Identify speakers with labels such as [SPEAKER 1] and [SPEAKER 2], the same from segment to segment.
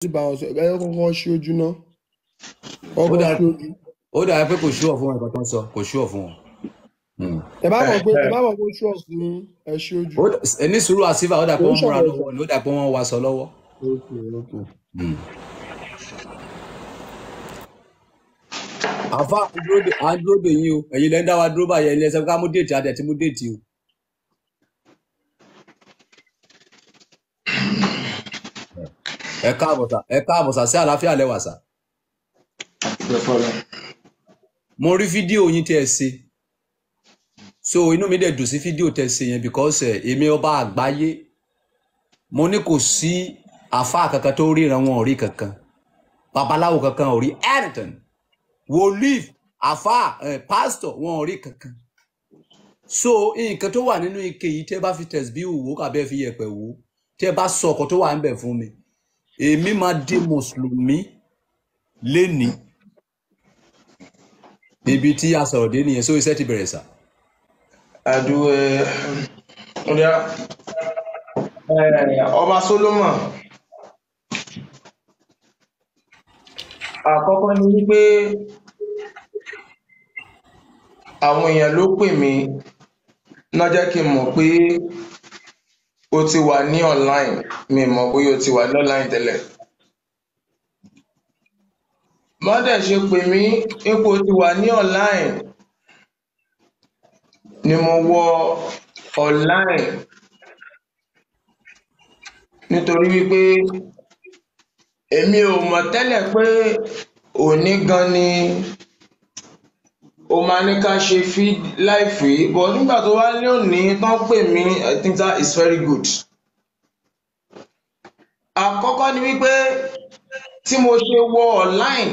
[SPEAKER 1] ti bá wọn sọ ẹ kọ́kọ́ ṣí ojú náà ọkọ̀ ṣí ojú. ó dàbí pé kò ṣúọ̀ fún wọn ìbátan sọ kò ṣúọ̀ fún wọn. ẹ bá mọ̀ pé eh, ẹ bá eh. mọ̀ pé ṣúọ̀ fún ẹ ṣí ojú. ẹ sùúrù àsífà ó dàbí wọn múra lọ́wọ́ ni ó dàbí wọn wá sọ lọ́wọ́. Hmm. àfa àdúró de yín o ẹ̀yin lẹ́ ń dá wa dúró báyẹn ilé ẹsẹ̀ ká mú déètì adẹ̀ tí mú déètì o. ẹ káàbọ̀ sà ẹ káàbọ̀ sà sí àlàáfíà lẹ wà sà. mo rí fídíò yín tí ẹ ṣe so inú mi dẹ̀ dùn sí fídíò tẹ́ ṣe yẹn because eh, èmi ọba àgbáyé mo ní kò sí àfáà kankan tó ríran wọn rí kankan babaláwo kankan ò rí anything wòlíì àfáà eh, pastor wọn ò rí kankan so nǹkan tó wà nínú ike yìí tẹ́ bá fi tẹ̀síbíù wò kàbẹ́ fi yẹ̀pẹ̀ wò tẹ́ bá sọ tó wà ń bẹ̀ fún mi èmi máa di mùsùlùmí lénìí ibi tí a sọ̀rọ̀ dé nìyẹn so iṣẹ́ ti bẹ̀rẹ̀ sà. àdúgbò ọ̀dà ọba Solomon àkọ́kọ́ ni wípé àwọn èèyàn ló pè mí náà kí n mọ̀ pé. O ti wà ní online, mi mọ̀ bóyá o ti wà ní online tẹ́lẹ̀. Má dẹ̀ ṣe pè mí, ipò ti wà ní online ni mo wọ online nítorí wípé èmi ò mọ̀ tẹ́lẹ̀ pé òní gan ni ó máa ní ká ṣe feed life yìí bọ̀ nígbà tó wá lónìí tán pè mí I think that is very good. àkọ́kọ́ ni wípé tí mo ṣe wọ online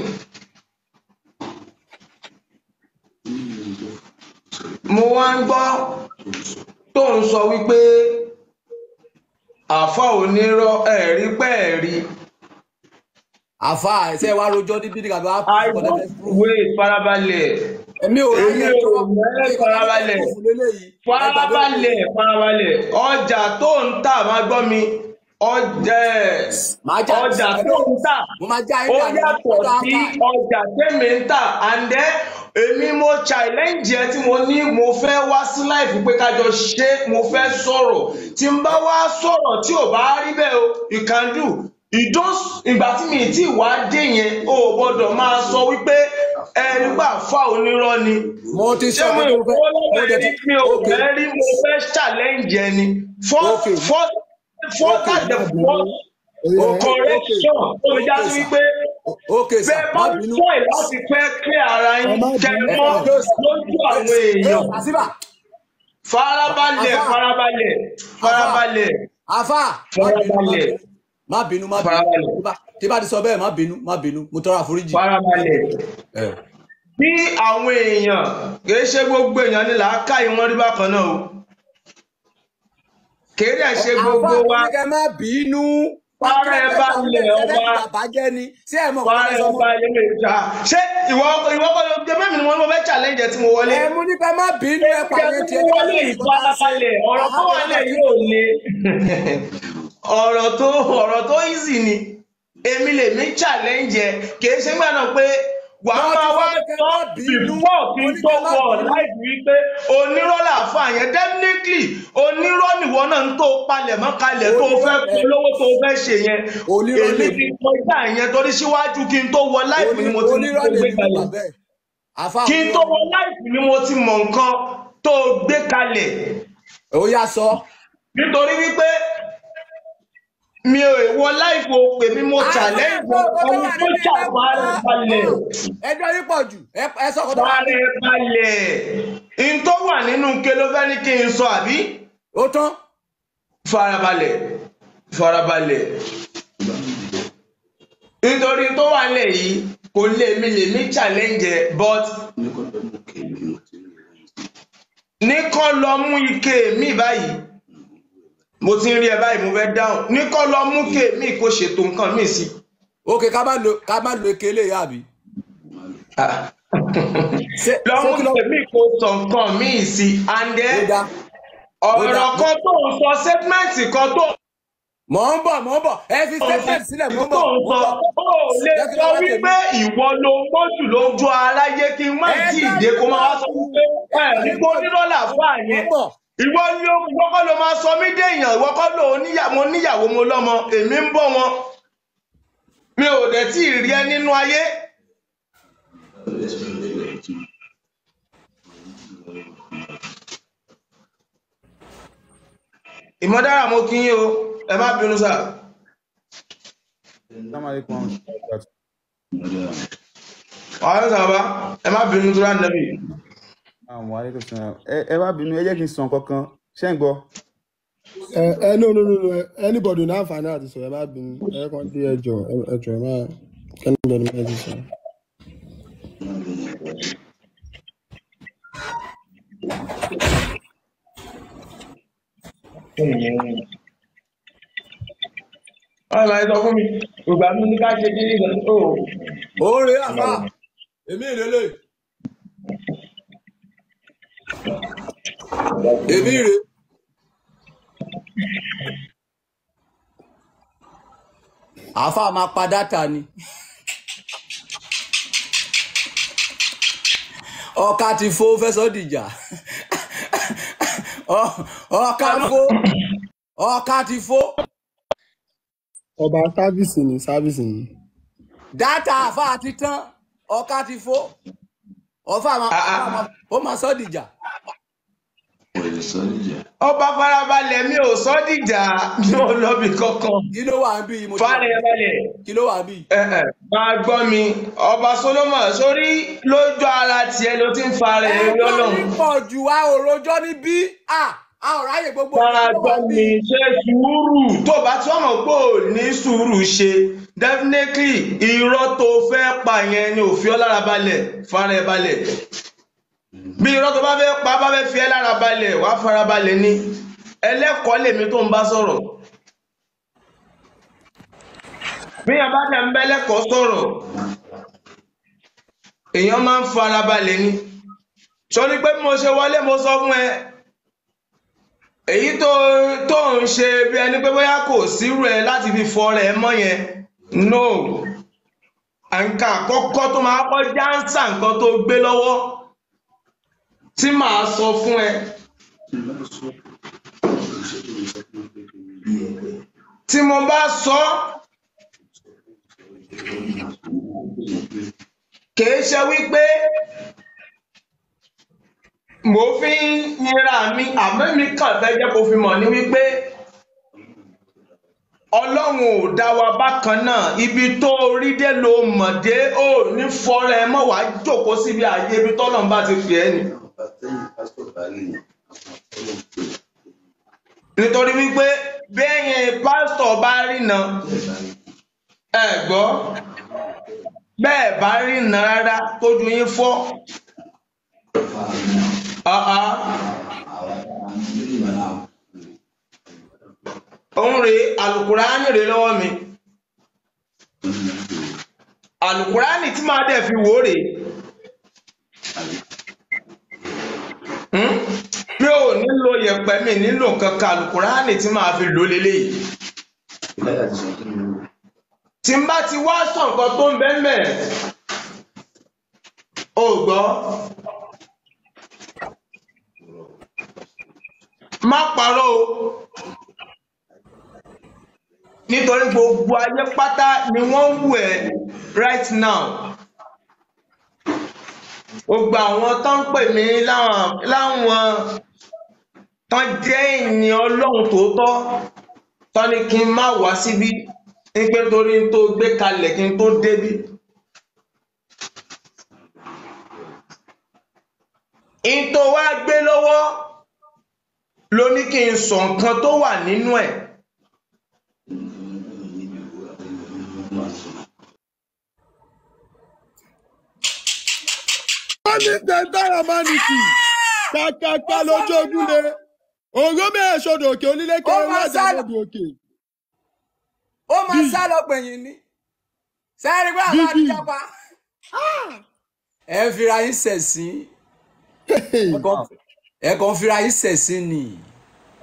[SPEAKER 1] mo wá ń gbọ́ tó ń sọ wípé àfa onírọ́ ẹ̀rí pẹ́ẹ́rí. àfa ẹsẹ wa rojọ́ ní bídìgàdọ. i wait farabalẹ̀. emi ò mẹ́rin farabalẹ̀ farabalẹ̀ farabalẹ̀ ọjà tó ń tà máa gbọ́ mi ọjà ọjà tó ń tà ó yàtọ̀ sí ọjà tèmi ń tà àǹdẹ́ èmi mo challenge ẹ tí mo ní mo fẹ́ wá sí láìfù pé kájọ ṣe mo fẹ́ sọ̀rọ̀ tí n bá wá sọ̀rọ̀ tí ò bá rí bẹ́ẹ̀ o you can do ìjọsìn ìgbà tí mi ti wá dé yẹn o gbọ́dọ̀ máa sọ wípé ẹni gbà fà onírọ́ ni. mo ti sọ pé mo fẹ́ mo dẹ̀ ti mi ò fẹ́ rí mo fẹ́ challenge ẹ ni for for for that the first correction ó fi dá sí wípé bẹ́ẹ̀ bá fọ́ ẹ̀ láti fẹ́ clear ara yín jẹ́ mọ́ lójú àwọn èèyàn farabalẹ̀ farabalẹ̀ farabalẹ̀ farabalẹ̀ má bínú má bínú tí bá ti sọ bẹ́ẹ̀ má bínú má bínú mo tọrọ àforíjì. farabalẹ̀ bí àwọn èèyàn kì í ṣe gbogbo èèyàn ni làákàyè wọn rí bákan náà o kì í dẹ̀ ṣe gbogbo wa. àbá má bínú para ẹ balẹ̀ ọba para ẹ balẹ̀ ìjà ṣé ìwọ ìwọ kọ́ ló dé mẹ́mi ni wọ́n mọ̀ fẹ́ challenge tí mo wọlé. ẹ mú ní má bínú ẹ pàrọ̀ tiẹ̀. ẹ mú wọlé ìfarabalẹ̀ ọ̀rọ̀ tó ọ̀rọ̀ tó easy ni èmi lè mi challenge ẹ kìí ṣe gbà náà pé wàá máa wá sọ before kí n tó wọ láì wípé onírọ́ làáfà yẹn definitely onírọ́ nìwọ náà ń tó palẹ̀mọ́ kalẹ̀ tó fẹ́ polówó tó fẹ́ ṣe yẹn èmi kì ti kọjá yẹn torí síwájú kí n tó wọ láì ni mo ti mọ gbé kalẹ̀ kí n tó wọ láì ni mo ti mọ nǹkan tó gbé kalẹ̀. nítorí wípé mi ò wọ láìpò pé mi mo ah, challenge ohun ah, tó ṣàwárí balẹ̀. ẹjọ́ yín pọ̀ jù ẹ sọ kọ́tọ́. wàrẹ̀ balẹ̀ n tó wà nínú ke ló fẹ́ ní kí n sọ àbí. ó tán. farabalẹ̀ farabalẹ̀ nítorí tó wà lẹ̀ yìí kò lè mi lè mi challenge but ní kọ́ lọ mú ike mi báyìí mo ti ń rí ẹ báyìí mo fẹ́ dáhùn ní kọ́ lọ mú kèmí kó ṣètò nǹkan míì sí. ok ká má lo ká má lo ekele yá àbí. Ah. lọ mú kèmí kó sọ nǹkan míì sí andé ọ̀rọ̀ kan tó ń sọ sẹ́tímẹ́ǹtì kan tó. mò ń bọ̀ mò ń bọ̀ ẹ fi sẹ́tímẹ́ǹtì sílẹ̀ mò ń bọ̀ mò ń bọ̀. ó lè sọ wípé ìwọ ló ń gbójú lójú aláyé kí n má tí ì kó má wá sọ wípé ẹ ní fún àyè ìwọ ni ó ìwọ kọ́ ló máa sọ mí déèyàn ìwọ kọ́ ló níyàwó níyàwó mo lọ́mọ èmi ń bọ́ wọn mi ò dẹ̀ tí ì rí ẹ nínú ayé. ìmọ̀dára mo kí yín o ẹ má bínú sáà. ọ̀hún sábà ẹ má bínú tó rà nẹ́bí
[SPEAKER 2] àwọn alẹ́ kò sàn ẹ wá bínú ẹ jẹ́ kí n sàn kankan ṣé ń gbọ́. ẹ ẹ no no no anybody ní àǹfààní àti sọ ẹ má bínú ẹ kàn dé ẹjọ́ ẹjọ́ ẹ má kẹ́ni bẹ̀rẹ̀ má ti sọ.
[SPEAKER 1] Ọ̀rẹ́ máa ń sọ fún mi, ìgbà mi ní ká ṣe kí nìkan. Ó rèé àbá, èmi ìrẹ́lẹ̀. èmi rè. àáfà máa pa dátà ni. ọkà ti fo fẹsọ dìjà ọkà fo ọkà ti fo. ọba sábìsì ni sábìsì ni. dátà àáfà ti tán ọkà ti fo ọfà máa ah, ah. ó máa sọ dìjà ọba farabalẹ̀ mi ò sọ dìjà mi ò lọ́bi kankan. kí ló wà bí mo ti farabalẹ̀ kí ló wà bí. máa gbọ́ mi ọba Solomon sórí lójú ara tiẹ̀ ló ti ń fara ẹ̀ lọ́lọ́run. ẹgbẹ́ mi pọ̀ jù wá òròjọ́ níbí a ò ráyè gbogbo. rárá gbọ́ mi ṣe sùúrù tó bá tí wọ́n mọ̀ pé ò ní sùúrù ṣe definitely irọ́ tó fẹ́ pa yẹn ni òfin ọlára balẹ̀ fara ẹ̀ balẹ̀ bí irọ́ tó bá fẹ́ pa bá fẹ́ fi ẹ́ lára balẹ̀ wá fara balẹ̀ ni ẹlẹ́kọ̀ọ́ lèmi tó ń bá sọ̀rọ̀ bí abájá ń bẹ́lẹ́kọ̀ọ́ sọ̀rọ̀ èèyàn máa ń fara balẹ̀ ni sọ ni pé mo ṣe wọlé mo sọ fún ẹ èyí tó tó ń ṣe bí ẹni pé bóyá kò sírú ẹ láti fi fọ rẹ mọ́ yẹn no nǹkan àkọ́kọ́ tó máa kọ́ jáǹsà nǹkan tó gbé lọ́wọ́ tí màá sọ fún ẹ tí mo bá sọ kìí ṣe wípé mo fi ń yẹra mi àmọ́ mi kàn fẹ́ jẹ́ kó fi mọ̀ ní wípé ọlọ́run ò dá wa bákan náà ibi tó rí dé ló mọ̀ dé ó ní fọ́ra ẹ mọ̀ wá jókòó síbi àyè ibi tọ́lọ́run bá ti fi ẹ́ nìyẹn nítorí wípé bẹ́yẹn pásítọ̀ bá rìnà ẹ gbọ́ bẹ́ẹ̀ bá rìnà rárá tójú yín fọ́ òun rèé alukùránì rèé lọ́wọ́ mi alukùránì tí máa dẹ̀ fi wò rèé. Hmm? mi ò nílò yẹ̀pẹ̀ mi nílò kankan alukurani tí màá fi lò lélẹ́yìí tí n bá ti wá sọ nǹkan tó ń bẹ́ mẹ́ ò gbọ́ má parọ́ o nítorí gbogbo ayé pátá ni wọ́n ń wù ẹ́ right now gbogbo àwọn tó ń pè mí láwọn tó jẹ́ ènìyàn ọlọ́run tòótọ́ tó ní kí n má wá síbí pé torí tó gbé kalẹ̀ kí n tó débí. n tó gbé lọ́wọ́ ló ní kí n sọ nǹkan tó wà nínú ẹ̀. E ṣe tára máa ní kì kàkàkà lójú ogun lè òró mẹ́rin sọdọ̀ òkè onílé kẹrin wájà lọ́dọ̀ òkè. ó máa sá lọ pẹ̀yìn ni sẹ́ẹ̀rì pé àwọn àdìjọba ẹ fira yín sẹ̀sìn ẹ kàn fira yín sẹ̀sìn ni.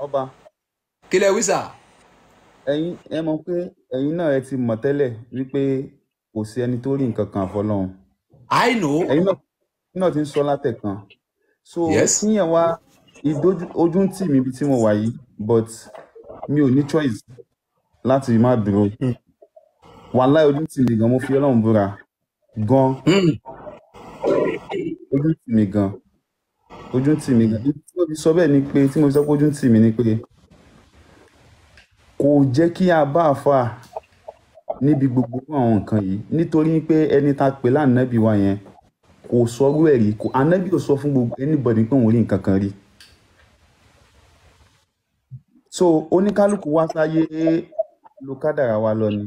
[SPEAKER 1] ọba kílẹ̀ wísà.
[SPEAKER 2] ẹ̀yin ẹ mọ̀ pé ẹ̀yin náà ẹ ti mọ̀ tẹ́lẹ̀ wípé kò sí ẹni tó rí nǹkan kan àfọlọ́run. I know. náà náà ti ń sọ látẹ̀kan so kíyàn wá ojú ń tì mí ibi tí mo wà yìí but mi ò ní choice láti má dúró hmm. wàláì ojú ń tì mí gan mo fi ọlọ́run búra gan hmm. ojú ń tì mí gan ojú ń tì mí gan tí mo fi sọ bẹ́ẹ̀ ni pé tí mo fi sọ pé ojú ń tì mí ni pé kò jẹ́ kí a bá a fà níbi gbogbo àwọn nǹkan yìí nítorí pé ẹni tá pè lánàá bí wa yẹn kò sọrú ẹ̀ rí kò anábì ò sọ fún gbogbo anybody pé òun rí nǹkan kan rí so oníkálukú wá sáyé ló kádàrá wa lọ ni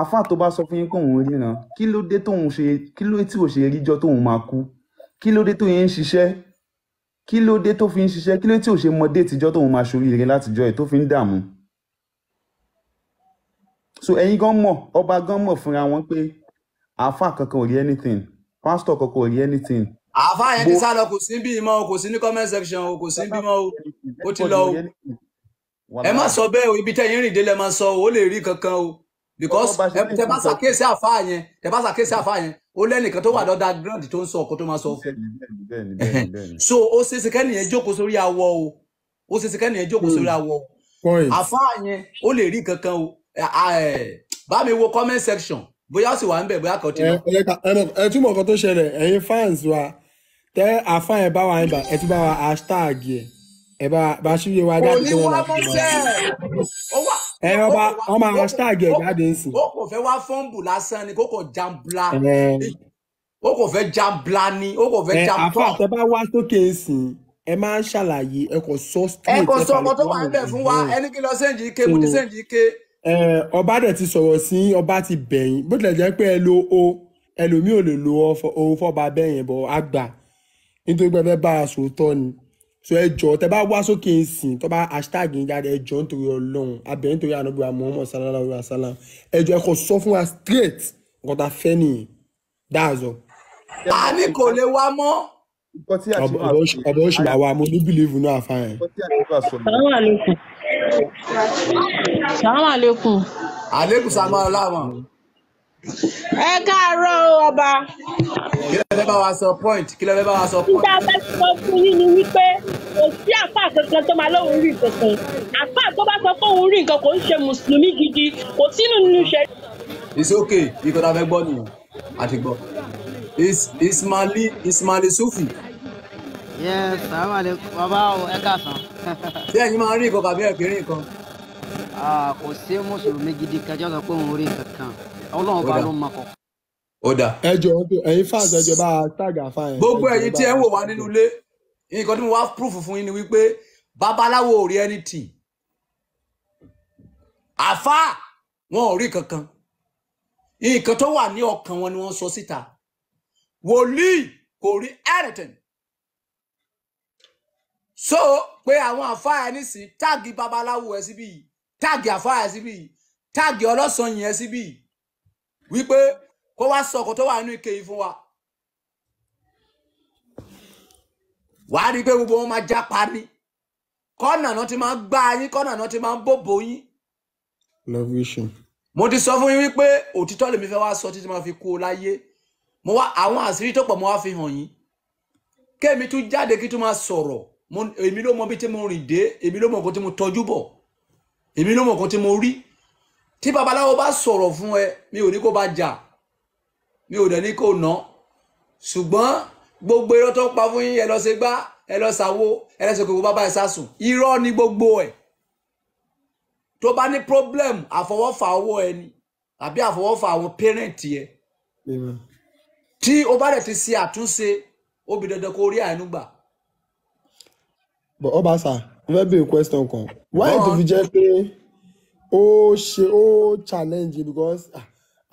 [SPEAKER 2] àfáà tó bá sọ fún yín pé òun ríran kí ló dé tóun ṣe kí ló tí ò ṣe ríjọ tóun máa kú kí ló dé tó yẹn ń ṣiṣẹ́ kí ló dé tó fi ń ṣiṣẹ́ kí ló tí ò ṣe mọ déètì ìjọ tóun máa ṣoríire látijọ́ ẹ̀ tó fi ń dààmú so ẹ̀yin gan mọ̀ ọba gan mọ̀ fúnra wọn pé àfáà kankan ò rí anything pásítọ̀ kọ̀kọ́ rí anything.
[SPEAKER 1] àáfà yẹn ti sá lọ kò sí bí mọ́ kò sí ní comment section o kò sí bí mọ́ o ó ti lọ o ẹ má sọ bẹ́ẹ̀ o ibi tẹ́yìn rìn délẹ̀ máa sọ o ó lè rí kankan o because tẹ bá ṣàkíyèsí àáfà yẹn tẹ bá ṣàkíyèsí àáfà yẹn ó lẹ́nìkan tó wà lọ́dà ground tó ń sọ ọkọ tó máa sọ so ó ṣe ṣe kẹ́nìyẹn jókòó sórí awọ o ó ṣe ṣe kẹ́nìyẹn jókòó sórí awọ o hmm. àáfà yẹn ó lè rí kankan o bá mi wo comment section bóyá ó sì wà ń bẹ̀ bóyá kan ti rọ. ẹ túmọ̀ kan tó ṣẹlẹ̀ ẹ̀yin fans wa tẹ àfáàn ẹ̀ bá wa ẹ̀ bá ẹ̀ tún bá wa hashtag ẹ̀ ẹ̀ bá bá ṣíye wa jáde tó wọn àti wọn. ẹ ọba ọmọ hashtag ẹ̀ jáde ń sìn. ó kò fẹ́ wá fọ́ǹbù lásán ni kò kò jambla ó kò fẹ́ jambla ni ó kò fẹ́ jambla. àfáà tẹ bá wá sókè ń sìn ẹ máa ń ṣàlàyé ẹ kò sọ straight ẹ kò sọ ọmọ tó wà ń bẹ̀ fún wa ẹni kí lọ sẹ́ǹjì ike mo ti sẹ́ǹjì ike. Eh, ọba dẹ̀ ti sọ̀rọ̀ sí ọba ti bẹ̀yìn bó tilẹ̀ jẹ́ pé ẹ lo o ẹlòmíì ò lè lo o fọba bẹ́yìn bọ̀ á gbà nítorí pé ẹ fẹ́ bá a sòótọ́ ni so ẹ jọ tẹ bá wá sókè ń sìn tó bá hashtag yín jáde ẹ jọ nítorí Ọlọ́run abẹ nítorí ànábì wa Muhammad sallallahu alayhi wa sallam ẹ jọ ẹ kò sọ fún wa straight nǹkan tá a fẹ́ nìyẹn dáàzọ. a ní kò lè wá mọ́. ọ̀bọ̀ òṣùpá wa mo ní bìlíìfù náà fáyẹn. Sàmà lẹ́kùn. Àlékún sàmà ọlámọ̀. Ẹ káàárọ̀ ọba. Kí ló fẹ́ bá wa sọ point? Kí ló fẹ́ bá wa sọ point? Nígbà bẹ́ẹ̀ sọ fún yín ni wípé kò sí àfà kankan tó máa lóun rí nǹkan kan. Àfà tó bá sọ pé òun rí nǹkan kò ń ṣe Mùsùlùmí gidi, kò sínú nínú ìṣẹ́. It's okay, ikọ̀ tá a fẹ́ gbọ́ nìyẹn, àti gbọ́. Ismaili Ismaili Sufi yes I'm a bàbá o ẹ káàsán. ṣé ẹ̀yin máa ń rí nǹkan tàbí ẹ̀ kì í rí nǹkan. kò sí mùsùlùmí gidi kẹjọ sọ pé òun rí kankan ọlọ́run bá ló mọ̀ kọ́. ó dà. ẹ jọ ẹ̀yin fáàsì ẹjọ bá a tàgà fáyẹn. gbogbo ẹ̀yin tí ẹ ń wò wá nínú ilé nǹkan tí mo wá púrúfù fún yín ni wípé babaláwo ò rí anything àfa wọn ò rí kankan nǹkan tó wà ní ọkàn wọn ni wọ́n sọ síta wòlíì kò rí anything so pé àwọn àfáà ẹni sí táàgì babaláwo ẹ síbí yìí táàgì àfáà ẹ síbí yìí táàgì ọlọ́sàn yìí ẹ síbí yìí wípé kó wá sọkò tó wà nínú ike yìí fún wa wàá rí i pé gbogbo wọn máa já parí kọ́nà náà ti máa gbá yín kọ́nà náà ti máa bòbò yín. love vision. mo ti sọ fún yín wípé òtítọ́ lèmi fẹ́ wá sọ títí máa fi kú o láyé mo wá àwọn àṣírí tó pọ̀ mo wá fi hàn yín kémi tún jáde kí tún máa sọ̀rọ̀ èmi ló mọ bí tí mo rìn dé èmi ló mọ nǹkan tí mo tọ́jú bọ̀ èmi ló mọ nǹkan tí mo rí tí babaláwo bá sọ̀rọ̀ fún ẹ mi ò ní kó bá jà mi ò dẹ̀ ní kó ná ṣùgbọ́n gbogbo irọ́ tó ń pa fún yín ẹ lọ ṣe gbá ẹ lọ ṣàwo ẹ lọ ṣe kòkó bàbá ẹ sásùn irọ́ ni gbogbo ẹ̀ tó bá ní problem àfọwọ́fà ọwọ́ ẹ ni àbí àfọwọ́fà àwọn pẹ́rẹ́ǹtì ẹ tí o bá rẹ̀ ti ṣe àtúnṣe ó bi dandan kó rí àìnú gbà but ọbaṣà mo fẹ́ béèrè question kan why tó fi jẹ́ pé ó ṣe ó challenge because ah,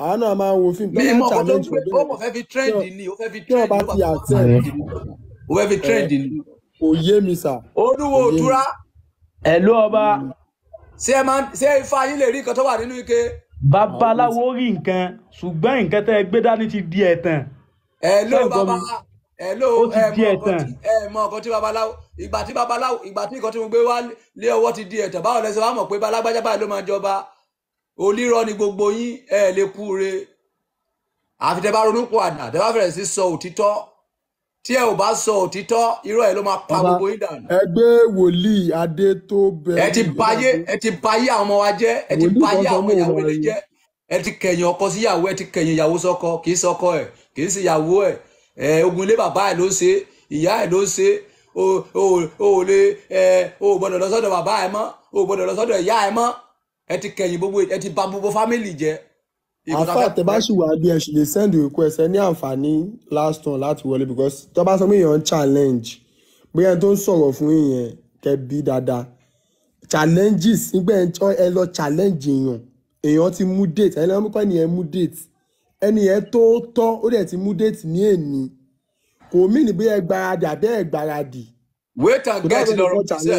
[SPEAKER 1] àwọn náà máa ń wo fíìmù tó máa ń challenge ọdún mi. ó mọ̀ fẹ́ fi trend ni ó fẹ́ fi trend ló bá fi àtẹ̀ ó fẹ́ fi trend ni. kò yé mi sà. olúwo òdúrà. ẹ ló ọba. ṣé ẹ máa ṣé ifá yín lè rí nǹkan tó wà nínú ike. babaláwo ah, rí nǹkan ṣùgbọ́n nǹkan tẹ́ ẹ gbé dání ti di ẹ̀tàn. ẹ ló bàbá hello ẹ mọ nǹkan tí babaláwo ìgbà tí babaláwo ìgbà tí nǹkan tí mo gbé wá lé ọwọ́ ti di ẹ̀tàn báwo lẹ́sẹ̀ wá mọ̀ pé balágbájá báyìí ló máa jọba olírọ́ ni gbogbo yín ẹ lè kú re àfi tẹ bá ronú pọ̀ àdá tẹ bá fẹ̀rẹ̀ sí sọ òtítọ́ tí ẹ ò bá sọ òtítọ́ irọ́ ẹ ló máa pa gbogbo yín dànù. ẹgbẹ́ wòlíì adé tó bẹ̀rẹ̀. ẹ ti bayé ẹ ti bayé àwọn ọmọ wa jẹ́ ẹ ti bayé àwọn ìyàwó ilé jẹ́ ẹ ti kẹ̀yìn ọkọ síyàwó ẹ ti kẹ̀yìn ìyàwó sọ́kọ kì í sọ́kọ ẹ kì í síyàwó ẹ ogun ilé bàbá ẹ̀ ló ṣe ìyá ẹ̀ ló ṣe o ò lè o ò gbọ́dọ̀ lọ sọ́dọ̀ bàbá ẹ̀ mọ́ o ò gbọ́dọ̀ lọ sọ́dọ̀ ìyá ẹ̀ mọ́ ẹ ti kẹ̀yìn gbogbo ẹ ti bà gbogbo fámìlì jẹ́. àfa àtẹ̀báṣì wà bí ẹ ṣe lè send request ẹ ní àǹfààní last one láti wọlé because tó sọ pé èèyàn challenge bóyá tó ń sọ̀rọ̀ fún èèyàn kẹbi dáadáa challenges nígbà ẹ lọ challenge èèyàn èèyàn ti mú date ẹ lọ́mọ́kọ́ ni ẹ mú date ẹni yẹn tó tọ́ ó dẹ̀ ti mú déètì ní èní kò mí ní bí ẹ gbáradì àbẹ́ ẹ gbáradì. wait and get lọ́rọ̀ ṣe.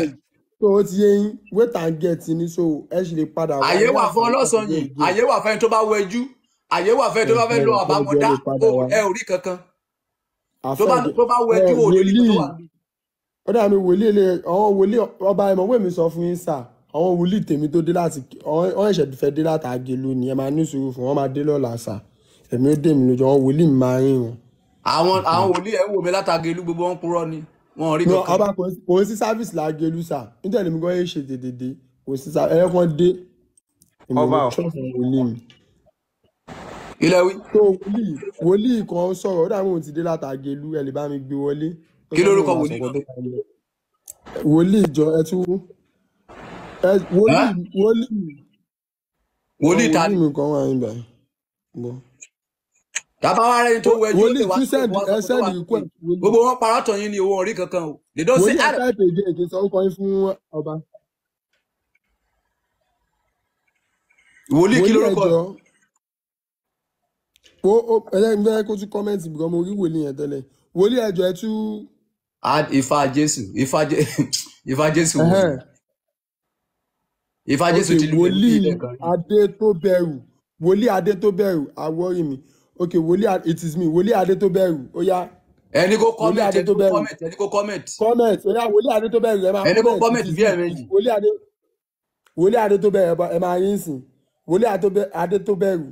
[SPEAKER 1] tó o ti yé wait and get ni so ẹ ṣì lè padà wá. àyè wà fún ọlọ́sàn yìí àyè wà fẹ́ni tó bá wẹjú àyè wà fẹ́ni tó bá fẹ́ lọ àbámọ́dá ẹ ò rí kankan tó bá wẹjú ò ní níbi tó wà ní. ó dà mí wòlíì lè àwọn wòlíì ọba ìmọ̀wé mi sọ fún yín sáà àwọn wòlíì tèmi tó dé láti wọn ẹ̀ṣẹ̀ fẹ́ dé látàgé lónìí ẹ máa ní sùúrù fún wọn máa dé lọ́la sáà èmi ó dèmi lójú àwọn wòlíì máa rìn wọn. àwọn àwọn wòlíì ẹ̀ ń wò mí látàgé ìlú gbogbo wọn purọ́ ni wọn rí kankan. ọba kò sí sáfíìsì lágẹlú sá nítorí mi kò yẹ ṣe dédédé kò sí sá ẹ kàn dé èmi ò trọ́ọ̀fù wòlíì mi. ilé wí. tó wòlíì wòlíì kan sọ̀rọ̀ ó dàbí òun ti dé látàgé ìlú ẹ lè bá mi gbé wọlé. kí lórúkọ wòlíì kan. wòlíì jọ ẹ tún wòlíì wòlíì. wòlíì ta ni. wòlíì mi kan wà níbẹ̀ tábà wá rẹni tó wẹjú ó lè wá sí wọn gbogbo wọn parọ́ tàn yín ní owó orí kankan o they don't say adam. wòlíì
[SPEAKER 2] táìpì èdè èké sọ ó kọrin fún ọba.
[SPEAKER 1] wòlíì kí lórúkọ rẹ. ó ó ẹlẹ́yìn bẹ́ẹ̀ kó tún kọ́mẹ́ǹtì bìkan mo rí wòlíì yẹn tẹ́lẹ̀ wòlíì ẹ̀jọ̀ ẹ̀ tú. ifá jésù ifá jésù wò ifá jésù ti lu wòlíì adé tó bẹ̀rù wòlíì adé tó bẹ̀rù àwọ̀ rìn Okay, wòlíì it is me wòlíì adétóbẹ̀rù ó yá. ẹni kò comment ẹni kò comment ẹni kò comment. comment ó yá wòlíì adétóbẹ̀rù ẹ máa comment ẹni kò comment bí ẹ̀mẹ́jì. wòlíì adétóbẹ̀rù ẹ máa yín sìn wòlíì adétóbẹ̀rù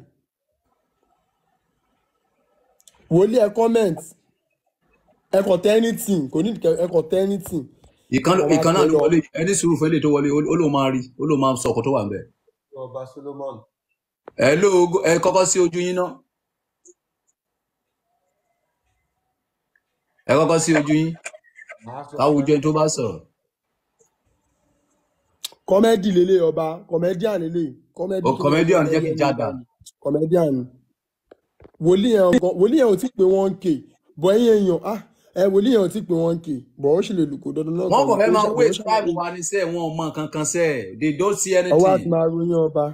[SPEAKER 1] wòlíì ẹ comment ẹ kò anything kò ní ẹ kò tẹ anything. ìkan náà ló wọlé ẹni sùúrù fẹ́lẹ̀ tó wọlé ó ló máa rí ó ló máa sọkọ̀ tó wà ń bẹ̀.
[SPEAKER 2] ọba solomon.
[SPEAKER 1] ẹ ló ẹ kọ́kọ́ sí ojú yín náà. ẹ kọ́kọ́ sí ojú yín káwùjọ tó bá sọ̀rọ̀. kọ́mẹ́dì lélẹ̀ ọba kọ́mẹ́díàn lélẹ̀ kọ́mẹ́dì. o kọ́mẹ́díàn jẹ́ kí n jáda. kọ́mẹ́díàn wòlíì yẹn ò tí pé wọ́n ń ké bọ́ ẹ̀yìn èèyàn ah ẹ wòlíì yẹn ò tí pé wọ́n ń ké bọ́ ó sì lè lùkọ́ dandan náà. wọ́n kò fẹ́ máa wé táìmù wa ní sẹ́ẹ̀ wọn ò mọ nǹkan kan sẹ́ẹ̀ they don't see anything. ọwọ́ àti máa ròyìn ọba.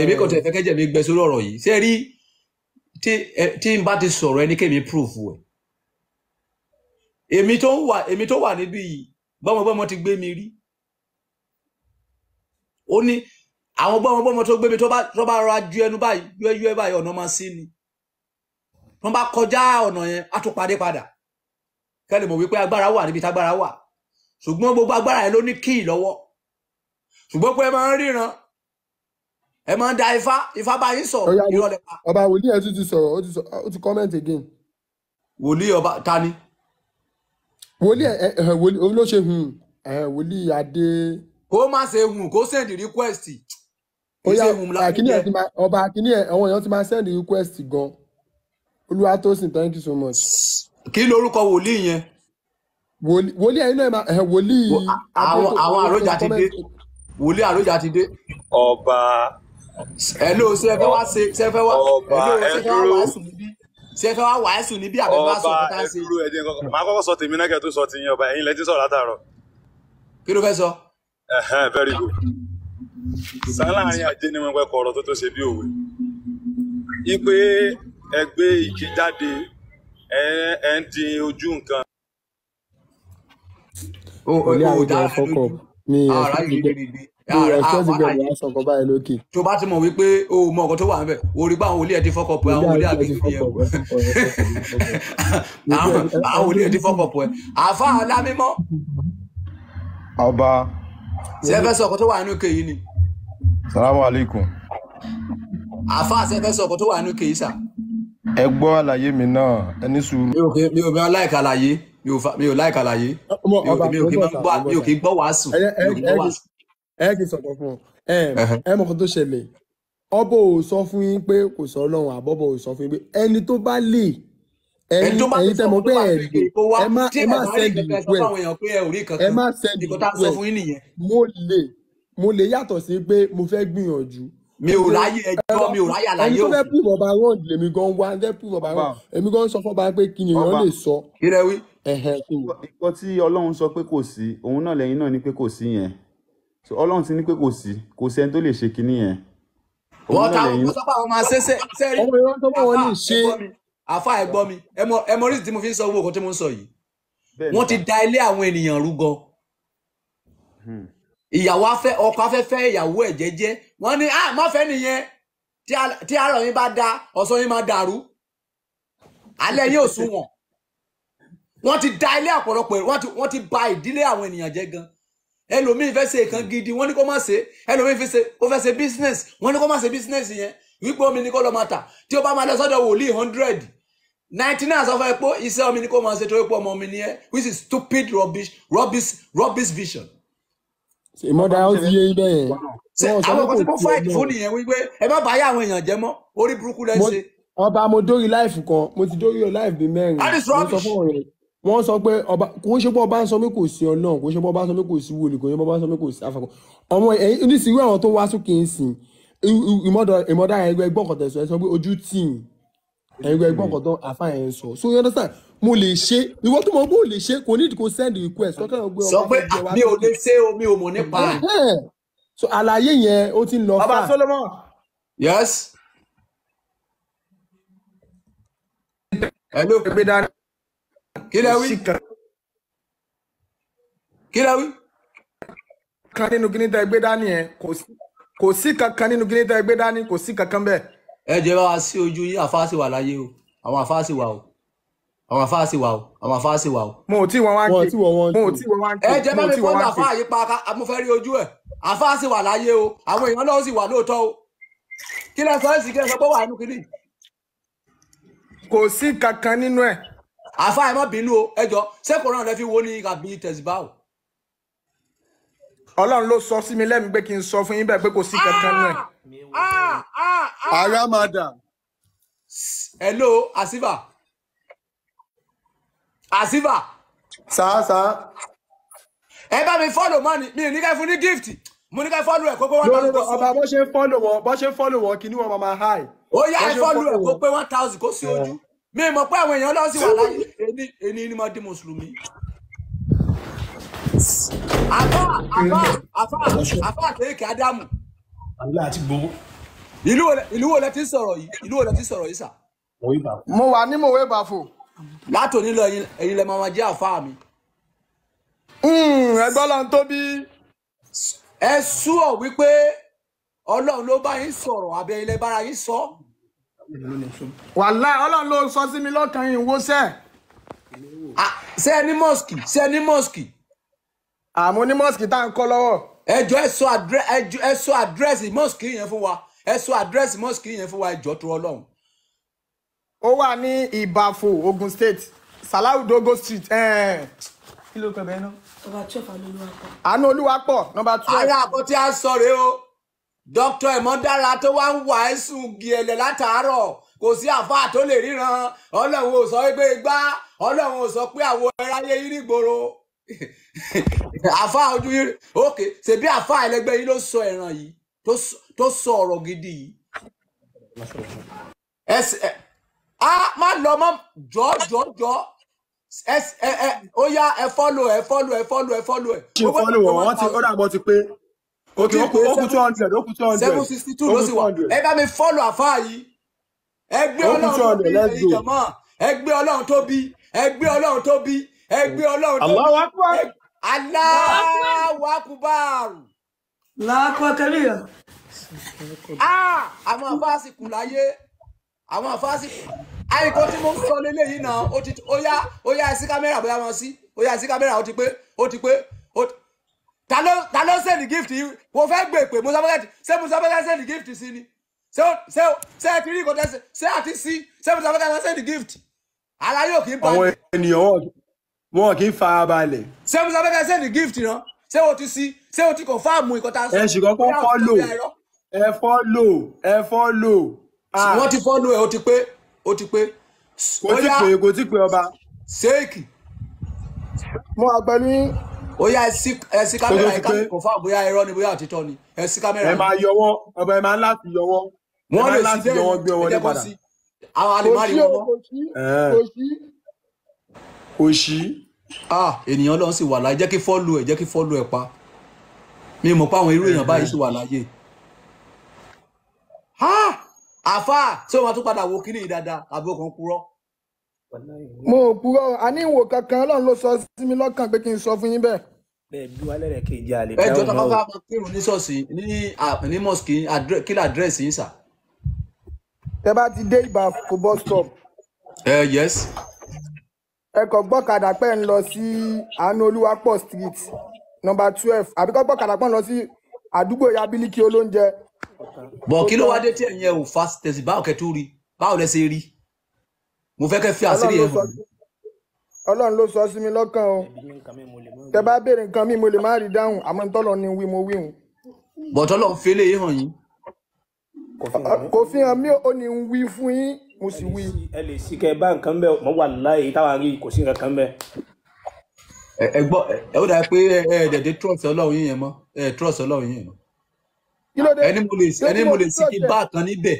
[SPEAKER 1] èmi kò tẹ̀ fẹ́ kẹ́jẹ̀ mi gbẹ sórí ọ̀rọ̀ yìí ṣé rí tí n bá ti sọ̀rọ̀ ẹni kémi proof ẹ̀ èmi tó ń wà èmi tó wà níbí yìí bọ́mọbọ́mọ ti gbé mi rí ó ní àwọn bọ́mọbọ́mọ tó gbé mi tó bá rọra ju ẹnu báyìí yú ẹ báyìí ọ̀nà máa sí ni wọ́n bá kọjá ọ̀nà yẹn á tún padé padà kẹ́lẹ̀ mọ̀ wípé agbára wà níbi tágbára wà ṣùgbọ́n gbogbo agbára yẹn ló ní kíì lọ́wọ́ ṣùgbọ́n pé ẹ máa ń ríran ẹ máa ń da ifá ifá bá yín sọ̀rọ̀ ìrọ̀lẹ́ pa. ọba wòlíì ẹ tún ti sọ̀rọ̀ ó ti kọ́mẹ̀ntì again. wòlíì ọba ta ni wòlíì ẹ ẹ wòlíì ló ṣe hùn hmm, ẹ wòlíì adé. kó má ṣe hùn kó send request. ó yà àkíní ẹ ti máa ọba àkíní ẹ àwọn èèyàn ti máa send request gan olúwa tó sìn thank you so much. kí lorúkọ wòlíì yẹn. wòlíì ẹyin náà ẹ wòlíì. àwọn àwọn àròjà ti dé wòlíì àròjà ti dé. ọba. hello ṣé ẹ fẹ́ wá ṣe ṣé ẹ fẹ́ wá. ọba ẹ dúró ṣé ẹ fẹ́ wá wàásù níbí àbẹ̀ bá sọ fún táǹsì. ọba ẹ dúró ẹdín kọkọ máa kọ́kọ́
[SPEAKER 2] sọ tèmi náà kẹ́ tó sọ tìyín ọba ẹ̀yin lẹ́tí sọ̀rọ̀ látàárọ̀. kí ló fẹ́ sọ. very good. sáláàrin àjẹ ni wọn pẹ kọ ọ̀rọ̀ tó tó ṣe bí òwe. ipe ẹgbẹ́ ike jáde ẹ ń di ojú nǹkan.
[SPEAKER 1] ó ó ó dáhùn mi ẹ tó bá ti mọ̀ wípé o mọ ọ̀kan tó wà níbẹ̀ o rí pé àwọn olè ti fọ́kọ̀ pọ̀ àwọn olè àbí ìyẹn àwọn olè ti fọ́kọ̀ pọ̀ ẹ̀ àfa alámímọ́. ọba. ṣé ẹ fẹ́ sọ ọ̀kan tó wà nínú ike yìí ni. salamu alaykum. àfa ṣé ẹ fẹ́ sọ ọ̀kan tó wà nínú ike yìí sà. ẹ gbọ́ àlàyé mi náà ẹ ní sùúrù. mi ò mi ò láìka àlàyé mi ò láìka àlàyé mi ò kì í gbọ́ wàásù mi ò kì í gbọ́ wàásù ẹ kì í sọ̀kan fún ọ ẹ mọ̀ kan tó ṣẹlẹ̀ ọbọ ò sọ fún yín pé kò sọ Ọlọ́run àbọbọ ò sọ fún yín pé ẹni tó bá lè
[SPEAKER 2] ẹni ẹni tẹ́ mọ̀ pé ẹ lè ẹ má ẹ má sẹndì request ẹ má sẹndì request
[SPEAKER 1] mo lè mo lè yàtọ̀ sí pé mo fẹ́ gbìyànjú mi ò ráyè ẹjọ́ mi ò ráyè àlàyé òfin. ẹni tó fẹ́ púpọ̀ bá wọ́n lèmi gan wá ẹni tó fẹ́ púpọ̀ bá wọ́n èmi gan sọ fún ọba pé kí ni èèyàn lè sọ. kí lẹ wí. ẹ̀hẹ̀
[SPEAKER 2] kò. ìkọ́ tí Ọlọ́run sọ pé kò sí òun náà lẹ́yìn náà ni pé kò sí yẹn so ọlọ́run ti ní pé kò sí kò sẹ́ni tó lè ṣe kinní yẹn.
[SPEAKER 1] wọ́n ta wọ́n sọ pé àwọn máa ṣe ṣe ṣe rí ọmọ ìwọ́n tó bá wọn lè àfa ẹ̀gbọ́n mi ẹ mọ tí mo fi ń sọ owó kan tí mo ń sọ yìí wọ́n ti da ilé àwọn ènìyàn rú gan hmm. ìyàwó afẹ́ ọkọ afẹ́fẹ́ ìyàwó ẹ̀ jẹ́jẹ́ wọ́n ní ah má fẹ́ nìyẹn tí àárọ̀ yín bá da ọ̀sán yín máa dàrú alẹ́ yín ò sunwọ̀n wọ́n ti da ilé àpọ̀lọpọ̀ wọ́n ti bà ìdílé àwọn ènìyàn jẹ́ gan ẹlòmíì fẹ́ ṣe nǹkan gidi wọ́n ní kó má ṣe ẹlòmíì fi ṣe ó fẹ́ ṣe business wọ́n ní kó má ṣe business yẹn wípé omi ni kó lọ máa tà tí ó bá máa lọ sọ́dọ̀ wòlíì hundred ninety nine sọ fún ẹ pé iṣẹ́ omi ni kó máa ṣe torí pé ọmọ mi ni ẹ which is stupid rubbish rubbish rubbish vision. ìmọ̀dà ó ti yé ibẹ̀ yẹn. ṣe àwọn kan tí kò fight fún nìyẹn wípé ẹ má bàa yá àwọn èèyàn jẹ mọ́ orí burúkú lẹ́ ṣe. ọba mo dórí láìfù kan mo ti dórí láìfù wọ́n sọ pé ọba kò ń ṣe pé ọba ń sọ pé kò sí ọlọ́run kò ń ṣe pé ọba ń sọ pé kò sí wòlíì kò ń ṣe pé ọba ń sọ pé kò sí afakọ ọmọ ẹ̀yìn oníṣirú àwọn tó wá sókè ń sìn ìmọ̀dá ẹgbẹ́ gbọ́kọ̀tẹ̀ sọ ẹ sọ pé ojú tì ń ẹgbẹ́ gbọ́kọ̀tọ̀ àfààyàn ń sọ so you understand mo lè ṣe ìwọ tó mọ bó lè ṣe kò ní kò send request sọ pé ah, mi ò lè ṣe o mi ò mọ̀ nípa kí la wí. kí la wí. kan nínú kíní tẹ gbé dání yẹn kò sí kankan nínú kíní tẹ gbé dání kò sí kankan bẹ́ẹ̀. ẹ jẹ́ bá wa sí ojú yín àfáàsì wà láyé o àwọn àfáàsì wà o àwọn àfáàsì wà o àwọn àfáàsì wà o. mo ò tí wọn wá ń ké mo ò tí wọn wá ń ké ẹ jẹ́ bá mi fọ́nà àfáà yìí pa mo fẹ́ rí ojú ẹ̀ àfáàsì wà láyé o àwọn èèyàn náà sì wà lóòótọ́ o kí lẹ sọ ẹ sì kí lẹ sọ pé wà nínú kíní. kò sí kankan nínú ẹ̀ àfa ẹ má bínú o ẹ jọ sẹ́kọ̀ọ́ náà lẹ́ fi wo ní àbí tẹ̀síbá o. ọlọ́run ló sọ sí mi lẹ́mi pé kí n sọ fún yín bẹ́ẹ̀ pé kò sí kankan náà. ara máa dà. hello asiva asiva. sáà sáà. ẹ bá mi fọ́lọ̀ mọ́ ni mi ò ní ká fún ní gift mo ní ká fọ́lù ẹ̀ kó pé one thousand. lórí ọba bó ṣe ń fọ́lù bó ṣe ń fọ́lù kí ni wọn máa máa háì. ó yá ẹ fọ́lù ẹ̀ kó pé one thousand kó sí ojú mi mọ̀ pé àwọn èèyàn lọ́sìn wà láyé ẹni ẹni ni mo di mùsùlùmí. àfà àfà àfà àfà àtẹ̀yẹ̀kẹ́ ádámù. àlọ́ àti gbowó. ìlú wo ìlú wo lẹ ti sọ̀rọ̀ yìí ìlú wo lẹ ti sọ̀rọ̀ yìí sà. mo wà ní mòwe bàfò. látòní lọ ẹ̀yin lẹ máa jẹ́ àfà mi. Hmm, ẹgbọ́n lọ ń tóbi. ẹ súọ̀ wípé ọlọ́run ló bá yín sọ̀rọ̀ àbẹ̀yìn bára yín sọ. So wàhálà ọlọ́run ló sọ sí mi lọ́kàn yìí wo sẹ́ ṣe ah, ní mọ́sìkì ṣe ní mọ́sìkì. àmọ́ ní mọ́sìkì tá à ń kọ́ lọ́wọ́. ẹ jọ ẹ sọ àdírẹ́sì mọ́sìkì yẹn fún wa ẹ sọ àdírẹ́sì mọ́sìkì yẹn fún wa ẹ jọ tó ọlọ́run. ó wà ní ìbàfò Ogun State Salahudogo Street kí ló kọ bẹ́ẹ̀ náà. ọba twelve àánú olúwa pọ̀. àánú olúwa pọ̀ nọmba twelve. ara àkọ́tí à ń sọ rèé o. Dr. Ẹ̀mọ́dára tó wá ń wà ẹ́ sùn gìẹ̀lẹ̀ látàárọ̀ kò sí àfáà tó lè ríran ọlọ́run ò sọ pé gbá ọlọ́run ò sọ pé àwọn ẹráyé yín nígboro àfáà ojú yín ok ṣèbí àfáà ẹlẹgbẹ́ yín ló sọ ẹ̀ràn yìí tó sọ ọ̀rọ̀ gidi yìí. ẹsẹ̀ a má lọ mọ́ jọ́jọ́jọ́ ó yá ẹ fọ́lù ẹ fọ́lù ẹ fọ́lù ẹ fọ́lù ẹ. ṣe fọ́lù wọ̀ wọ́n ti ó dàgbọ́ ti pé ok okun two hundred okun two hundred seven sixty two ló sì wà ẹ bá mi fọ́ọ̀lù àfáà yìí ẹgbẹ́ ọlọ́run tó bí ìjọmọ́ ẹgbẹ́ ọlọ́run tó bí ẹgbẹ́ ọlọ́run tó bí ẹgbẹ́ ọlọ́run tó bí Allahu Akbar. làákọ́ kẹ́lẹ́ yà. àwọn afáàsì kù láyé àwọn afáàsì àyíkọ́ tí mo ń sọ lélẹ́yìn náà ó yá ó yá sí kámẹ́rà bóyá wọn sí ó yá sí kámẹ́rà ó ti pé ó ti pé ó ti pé ta ló ta ló send gift yìí mo fẹ́ gbè pé Musa Bọ́lá ṣé Musa Bọ́lá send gift sí ni ṣé ṣé rí ìkọ́tẹ́ ṣé àti sí ṣé Musa Bọ́lá send gift aláyé ò kí ń àwọn ènìyàn wọn kì í fara balẹ̀. ṣé Musa Bọ́lá send gift náà ṣé o ti sí ṣé o ti confirm ìkọ́tà sọ. ẹ ṣùgbọ́n kọ́ fọ́lò ẹ fọ́lò ẹ fọ́lò. ṣùgbọ́n ti fọ́lò ẹ o ti ah. pé o ti pé. kò tí pé kò tí pé ọba. ṣéèkì. mo àgbẹ̀ ní ó yá ẹ sí kámẹ́rà ẹ ká kò fà bóyá irọ́ ni bóyá òtítọ́ ni ẹ sí kámẹ́rà. ẹ máa yọwọ́ ọba ẹ máa láti yọwọ́ ẹ máa láti yọwọ́ gbé wọlé padà. àwọn alimari wọn. kò sí kò ah ènìyàn lọ sí wà láyé jẹ́ kí fọ́ọ̀lù ẹ̀ jẹ́ kí fọ́ọ̀lù ẹ̀ pa mi mọ̀ pé àwọn irú èèyàn báyìí sì wà láyé. àfà tí wọ́n máa tún padà wo kíní yìí dáadáa àbí ọkàn kúrọ́ mo ò purọ́ àní ìwò kankan ọlọ́run ló sọ sí mi lọ́kàn pé kí n sọ fún yín bẹ́ẹ̀. bẹ́ẹ̀ bí wàá lẹ́rẹ̀ẹ́ kejì àlè dáhùn náà. ẹjọ́ tọ́kọ́ bá máa kírun ní ṣọ́ọ̀ṣì ní ní mosque kí ni àdírẹ́sì yín sà. tẹ bá ti dé Ìbàfò bus stop. ẹ yes. ẹ kàn gbọ́kadà pẹ́ ń lọ sí àánú olúwapọ̀ street number twelve àbíkọ́ gbọ́kadà pẹ́ ń lọ sí àdúgbò yabiliki olóúnjẹ. bọ̀ kí ló wá dé tí ẹ̀yin ẹ̀ ò fa tẹ̀sí báwo kẹ́ tó rí báwo lẹ rí mo fẹ́ kẹ́ fi àṣírí yẹn hàn. ọlọ́run ló sọ sí mi lọ́kàn o tẹ bá béèrè nǹkan mi mo lè má rí dáhùn àmọ́ tọ́lọ̀ ni wí mo wí hùn. bọ̀tọ́ lọ fi eléyìí hàn yín. kò fi hàn mí ò ní wí fún yín mo sì wí. ẹ lè sí kẹ bá nǹkan bẹ mọ wà láàyè táwa rí kò sí nǹkan bẹ. ẹ gbọ́ ẹ ó dàá pé ẹ ẹ dẹ̀dẹ̀ trọ́ọ̀sì ọlọ́run yín yẹn mọ́ ẹ trọ́ọ̀sì ọlọ́run yín mọ́. ẹni mo lè sí bá kan níbẹ̀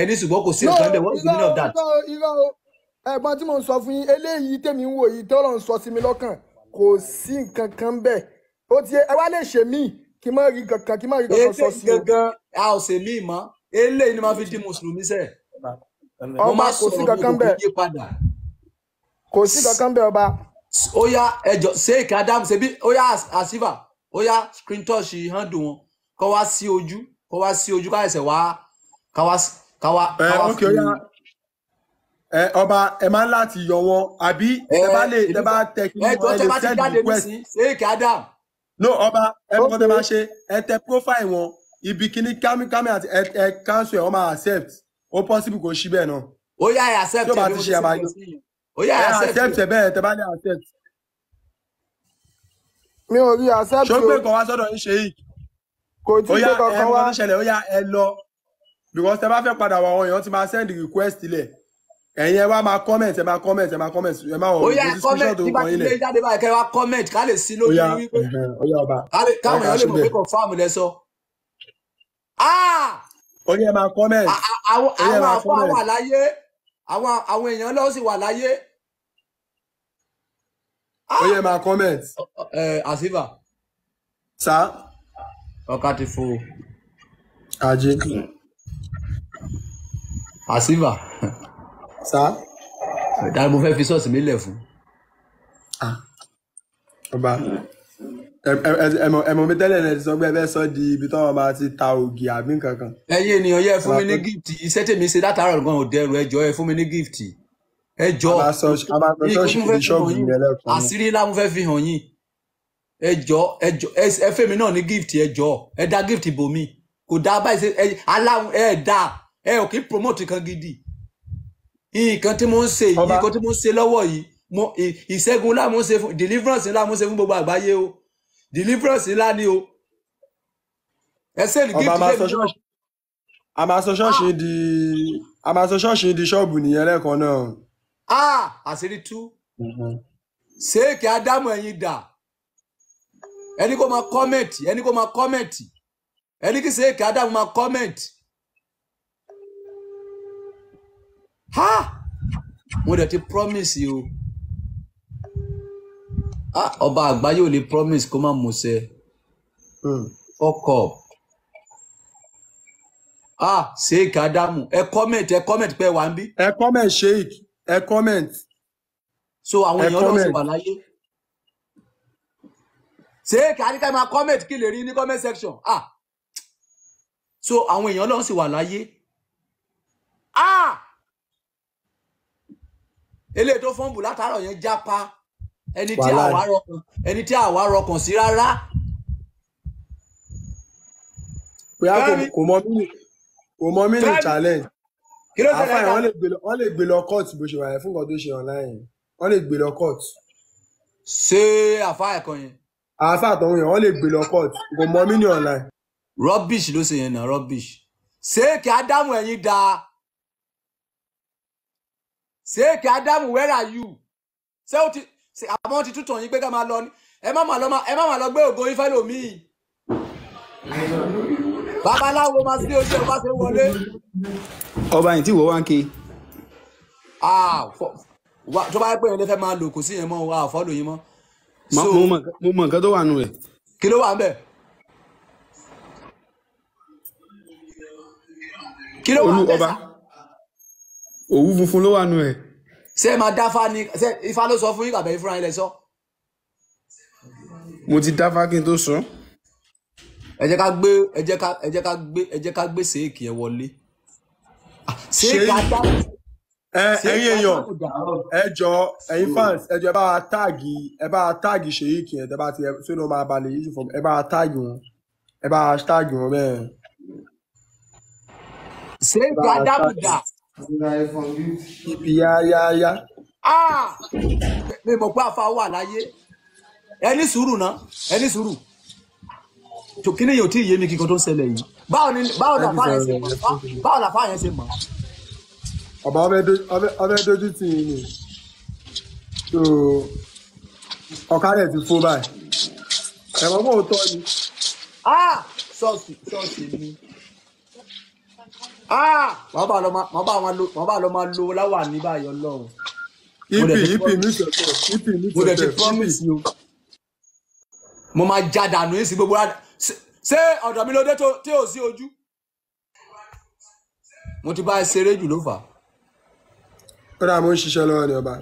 [SPEAKER 1] ẹni ṣùgbọ́n kò sí nǹkan bẹ̀ what's the meaning of ẹ̀gbọ́n tí mo ń sọ fún yín eléyìí tèmi ń wò yìí tó lọ́n sọ sí mi lọ́kàn kò sí nǹkan kan bẹ́ẹ̀ ó ti ẹ wá lè ṣe míì kí n má rí kankan kí n má rí kankan sọ sí o. ètò gangan a ò ṣe míì mọ́ eléyìí ni màá fi di mùsùlùmí sẹ́ẹ̀. ọba kò sí kankan bẹ́ẹ̀ kò sí kankan bẹ́ẹ̀ ọba. ó yá ẹjọ sèkì adam ṣebí ó yá àṣìfà ó yá screen touch dùn wọn kó wá sí ojú kó wá sí ojú ká ẹsẹ̀ wá ká wá ká wá. ẹ ẹ ọba ẹ máa ń láti yọ wọn àbí ẹ bá lè ẹ bá tẹ kí wọn ẹ lè send request. sèkì adam. no ọba ẹ mọ tẹ máa ṣe ẹ tẹ profile wọn ibi kíní kámi àti ẹ ẹ cancel ẹ wọn máa accept ó possible kò ṣí bẹ́ẹ̀ náà. ó yá ẹ accept ẹ bí mo ti ṣe báyìí. ó yá ẹ accept ẹ bẹ́ẹ̀ tẹ bá lè accept. mi ò rí accept o. ṣó pé kàn wá sọ́dọ̀ ń ṣe yìí. kò tí ì ṣe kankan wá. ó yá ẹ mọ ní ṣẹlẹ̀ ó yá ẹ lọ because tẹ bá fẹ́ padà wà wọn èèyàn ti máa send request ilẹ̀ ẹ̀yin ẹ wá máa comment ẹ máa comment ẹ máa comment ẹ máa wọ̀ ọ́ discussion tó ń kọ́ ilẹ̀. ó yá comment nígbà tí ilé jáde báyìí kẹ́ wá comment ká lè sí lórí wípé káwọn èèyàn lè mọ̀ pé confam lẹ sọ. Ah! ó yẹ máa comment. àwọn àfọ wà láyé àwọn èèyàn lọ́wọ́ sì wà láyé. ó yẹ ah! máa comment. àṣìbà. sá. ọkà ti fo. àjẹkù. àṣìbà sá. ẹ̀dá mo fẹ́ fi ṣọ́ọ̀ṣì mi lẹ̀ fún. ọba ẹmọ mi tẹ́lẹ̀ náà ti sọ pé ẹ fẹ́ sọ di ibi tí wọ́n bá ti ta ògì àbí kankan. ẹ̀yin ènìyàn yẹ fún mi ní gíftì iṣẹ́ tèmi ṣe látàárọ̀ nǹkan ò dẹrù ẹ jọ̀ọ́ ẹ fún mi ní gíftì ẹ jọ̀ọ́ àṣírí ńlá mo fẹ́ fi hàn yín ẹ jọ̀ọ́ ẹ jọ̀ọ́ ẹ fẹ́ mi náà ní gíftì ẹ jọ̀ọ́ ẹ dá gíftì bò mí kò dá báyìí ṣe aláwọ̀ ẹ dá ẹ ò kí promote kan gidi nǹkan tí mo ń ṣe yìí nǹkan tí mo ń ṣe lọ́wọ́ yìí mo ìṣẹ́gun ńlá mo ń ṣe fún deliverance ńlá mo ń ṣe fún gbogbo àgbáyé o deliverance ńlá ni o ẹsẹ̀ ní gift fẹ́ mi. a máa sọ ṣọ́ọ̀ṣì di a máa sọ ṣọ́ọ̀ṣì di ṣọ́ọ̀bù nìyẹn lẹ́ẹ̀kan náà. a ah, àṣírí tú mm-hmm. ṣéèkì ádámù ẹ̀yin dà ẹni kó máa kọ́mẹ̀tì ẹni kó máa kọ́mẹ̀tì ẹni kí ṣéèkì ádámù máa kọ́mẹ̀tì. ha mo dẹ̀ ti promise o ọba àgbáyé ò lè promise kó má musẹ ọkọ hmm. ah sheik adamu ẹ comment ẹ comment pé wà ń bí. ẹ comment sheik ẹ comment. so àwọn èèyàn náà sì wà láyé sheik adika máa comment kí lè rí ní comment section ah so àwọn èèyàn náà sì wà láyé ah eléyìí tó fọ́ǹbù látàárọ̀ yẹn jápa ẹni tí àwa rọkàn ẹni tí àwa rọkàn sí rárá. bóyá kò mọ mí kò mọ mí ní challenge àfàì wọ́n lè gbé lọ court bó ṣe wà yẹn fún nǹkan tó ṣe online wọ́n lè gbé lọ court. ṣé àfàì kan yẹn. àfàì àtọ̀hún yẹn wọ́n lè gbé lọ court kò mọ mí ní online. rubbish ló ṣe yẹn náà rubbish Se kí ádámù ẹ̀yin dáa sèkè ádámù where are you ṣé o ti ṣe àmọ́ ti tútù yín pé ká máa lọ ní ẹ má máa lọ ẹ má máa lọ gbé ògo ifẹ́ lòmíì babaláwo máa sílé ojú ẹ bá ṣe wọlé.
[SPEAKER 2] ọba yìí tí wọ́n wá ń ké.
[SPEAKER 1] tó bá yẹ pé ẹni fẹ́ máa lò kò sí yẹn mọ́ wa àfọ́lò yín mọ́. mo mọ nǹkan tó wà nù rẹ̀. kí ló wà ń bẹ̀. kí ló wà ń bẹ̀ sá òwú funfun ló wà nù ẹ̀. ṣé máa dáfá ni ṣé ifá ló sọ fún yín àbẹ̀yìn fúnra yín lẹ sọ. mo ti dáfá kí n tó sọ. ẹ jẹ́ ká gbé ẹ jẹ́ ká ẹ jẹ́ ká gbé ẹ jẹ́ ká gbé séèkì ẹ wọlé. séèkì ah, ajá ẹ̀yin èèyàn ẹ jọ̀ọ́ ẹ̀yin fans ẹ jọ̀ọ́ ẹ bá wa táàgì ẹ bá wa táàgì ṣèyí kì í ẹ bá ti ṣé ló máa balẹ̀ yìí fún ẹ bá wa táàgì wọn ẹ bá wa táàgì wọn bẹ́ẹ̀. ṣéèkì adábùdà ibi ayáyá ah! mi mọ̀ pé àfa wà láyé ẹni sùúrù náà ẹni sùúrù tòkínní yóò tí ì yé mi kíkan tó ń ṣẹlẹ̀ yìí báwo ni báwo ni àfa yẹn ṣe mọ̀ báwo ni àfa yẹn ṣe mọ̀. ọba ọbẹ dojú tì í ni so ọ̀kadà ti fó báyìí ẹ̀wọ̀n mọ̀ ò tọ́ ni. sọ́ọ̀sì ah! sọ́ọ̀sì ni. Ah! màá bá lọ máa lo láwà ní báyìí ọlọ́run. ipi ipi mi tẹ̀tẹ̀ ipi mi tẹ̀tẹ̀. mo dẹ̀ ṣe promise you mo máa já dànù yín sí gbogbo rádà ṣé ọ̀dọ̀ mi ló dé tí ò sí ojú. mo ti bá ẹ ṣeré jù ló fà á. ó dà mo ń ṣiṣẹ́ lọ́wọ́ ni ọba.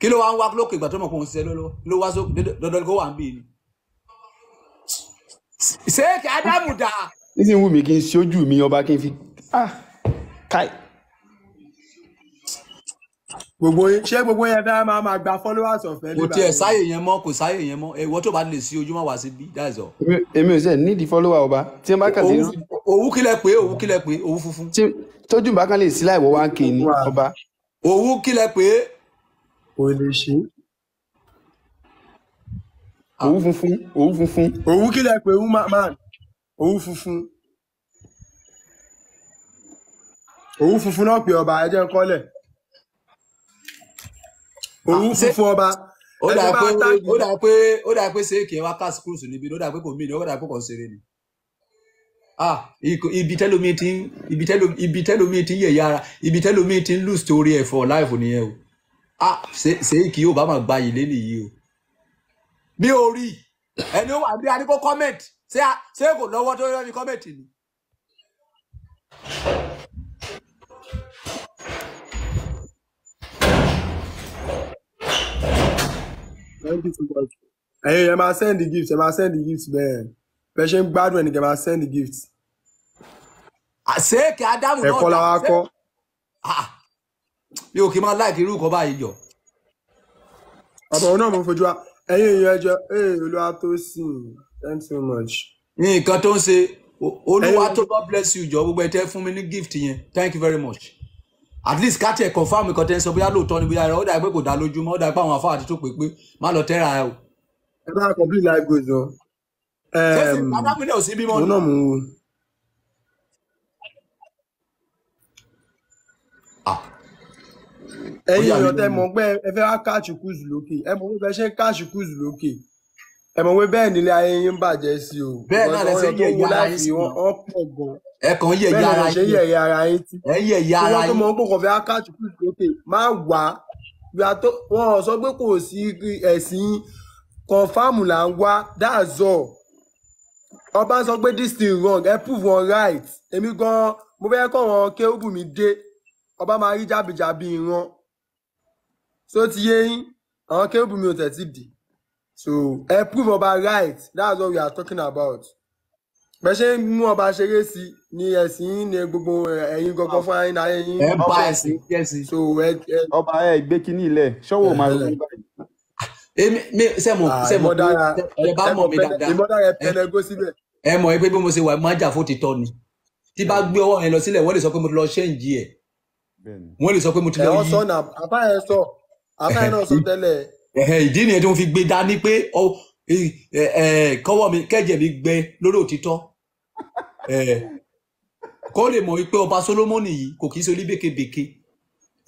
[SPEAKER 1] kí ló wá ń wá lókè ìgbà tó mọ̀ pé òun ṣiṣẹ́ lọ́wọ́ ló wá sókè dandan kó wà ń bì í ni. ṣé kí ádámù dà.
[SPEAKER 2] nísìnyí wù mí kí n ṣojú mi ọba kí n fi
[SPEAKER 1] ah kai. gbogbo ṣé gbogbo yẹn fẹ́ máa máa gba followers ọ̀fẹ́ nígbà yẹn. kò tiẹ̀ sáyè yẹn mọ́ kò sáyè yẹn mọ́ ìwọ tó bá lè sí ojúmọ́ wá sí bí that's all.
[SPEAKER 2] èmi ò sẹ́ nídìí follower ọba tí wọ́n bá kàn sí.
[SPEAKER 1] òwú kílẹ̀ pé òwú kílẹ̀ pé òwú funfun. tójú bá kàn lè sí láìwọ́ wá ń kì í ní ọba. òwú kílẹ̀ pé. kò lè ṣe òwú funfun òwú funfun. òwú kílẹ̀ pé woman òwú funfun. òwú funfun náà pè ọba ẹjẹ ń kọ́lẹ̀ ah, òwú funfun ọba
[SPEAKER 2] ó dà pé ó dà
[SPEAKER 1] pé ó dà pé sèkè wa cast cruise níbi ó dà pé kò mí ni ó dà pé kò ṣeré ni ah ibi tẹlomi ti ibi tẹlomi ibi tẹlomi ti yẹ yàrá ibi tẹlomi ti ń lose torí ẹ for life nìyẹn o ah sèkè yóò bá máa gba yìí lẹ́nu yìí o bí orí ẹni ó wà bí adigun comment ṣé kò lọ́wọ́ tó yọ ní comment ni.
[SPEAKER 2] thank you so much.
[SPEAKER 1] Hey, ẹ máa send the gifts. ẹ máa send the gifts, man. Person bad when gbádùn ẹnìkan send the gifts. I ah, say náà ẹ̀kọ́ la wá kọ́. Ah, you kì í máa láìkí irú nǹkan báyìí jọ. ọ̀bọ̀ òun náà mo fojú wa ẹ̀yin èèyàn ẹjọ́ ee eh, olúwa tó sìn thank you so much. Hey, nǹkan tó ń ṣe olúwa tó God bless you Joe. We better tẹ́ fún mi ní gift thank you very much at least ká tiẹ̀ confam nǹkan tẹ́ ń sọ bóyá lóòótọ́ ni bóyá ó dà pé kò dá lójúmọ́ ó dà pé àwọn afáà ti tó pé pé má lọ tẹ́ra ẹ o. ẹ bá complete life goals o. ṣé adágúnlẹ̀ ò sí bímọ ni. Ah. ẹ̀yin ìyọ̀tẹ̀ mọ̀ pé ẹ fẹ́ wá káàṣì kúùsù lókè ẹ mọ̀ pé ẹ fẹ́ ṣe káàṣì kúùsù lókè ẹ mọ̀ pé bẹ́ẹ̀ nílé ayé yín bàjẹ́ sí o. bẹ́ẹ̀ náà lè ṣe yẹ̀yẹ́ ara yín sí wọn pọ̀ gan. ẹ kàn ń yẹ̀yẹ́ ara yín. bẹ́ẹ̀ náà lè ṣe yẹ̀yẹ́ ara yín tí. ẹ yẹ̀yẹ́ ara yín. tí wọ́n tó mọ kókò fẹ́ akáàtù kù lókè máa wà á wọn sọ pé kò sí ẹ̀sìn kọ̀ǹfàmù là ń wá dáàzọ̀ ọba sọ pé this thing wrong ẹ prove wọn right èmi gan mo fẹ́ kọ́ wọn kéwùbù mi dé ọba máa rí jàbìjàbì ìran só ti yé yín àwọn kéwùbù mi ò tẹ̀ ti dì í so ẹ prove ọba right that's what we are talking about bẹ ṣe ń mú ọba ṣeré sí ni ẹ̀sìn ní gbogbo ẹ̀yin gangan fún ayé náà ẹ̀yin ẹ bá ẹ̀sìn kẹsì. so ẹ ẹ ọba ẹ gbé kínní ilẹ̀ ṣọwọ máa ronú báyìí. èmi mi sẹ́mu sẹ́mu ah, ẹ bá mọ̀ mi dáadáa ìmọ̀dára ẹ pẹlẹ gó síbẹ̀. ẹ mọ̀ pé bí mo ṣe wà máa jà fún títọ́ ni tí bá gbé ọwọ́ yẹn lọ sílẹ̀ wọ́n lè sọ pé mo ti lọ ṣẹ́ǹjì ẹ̀ wọ́n lè sọ pé mo ti lọ yí. ẹ̀ wọ́n sọ náà ìdí nìyẹn tí wọ́n fi gbé dání pé oh, kọ́wọ́ mi kẹ́jẹ̀ mi gbẹ lórí òtítọ́ kó lè mọ̀ wípé ọba Solomoni yìí kò kìí ṣe oníbèkebèke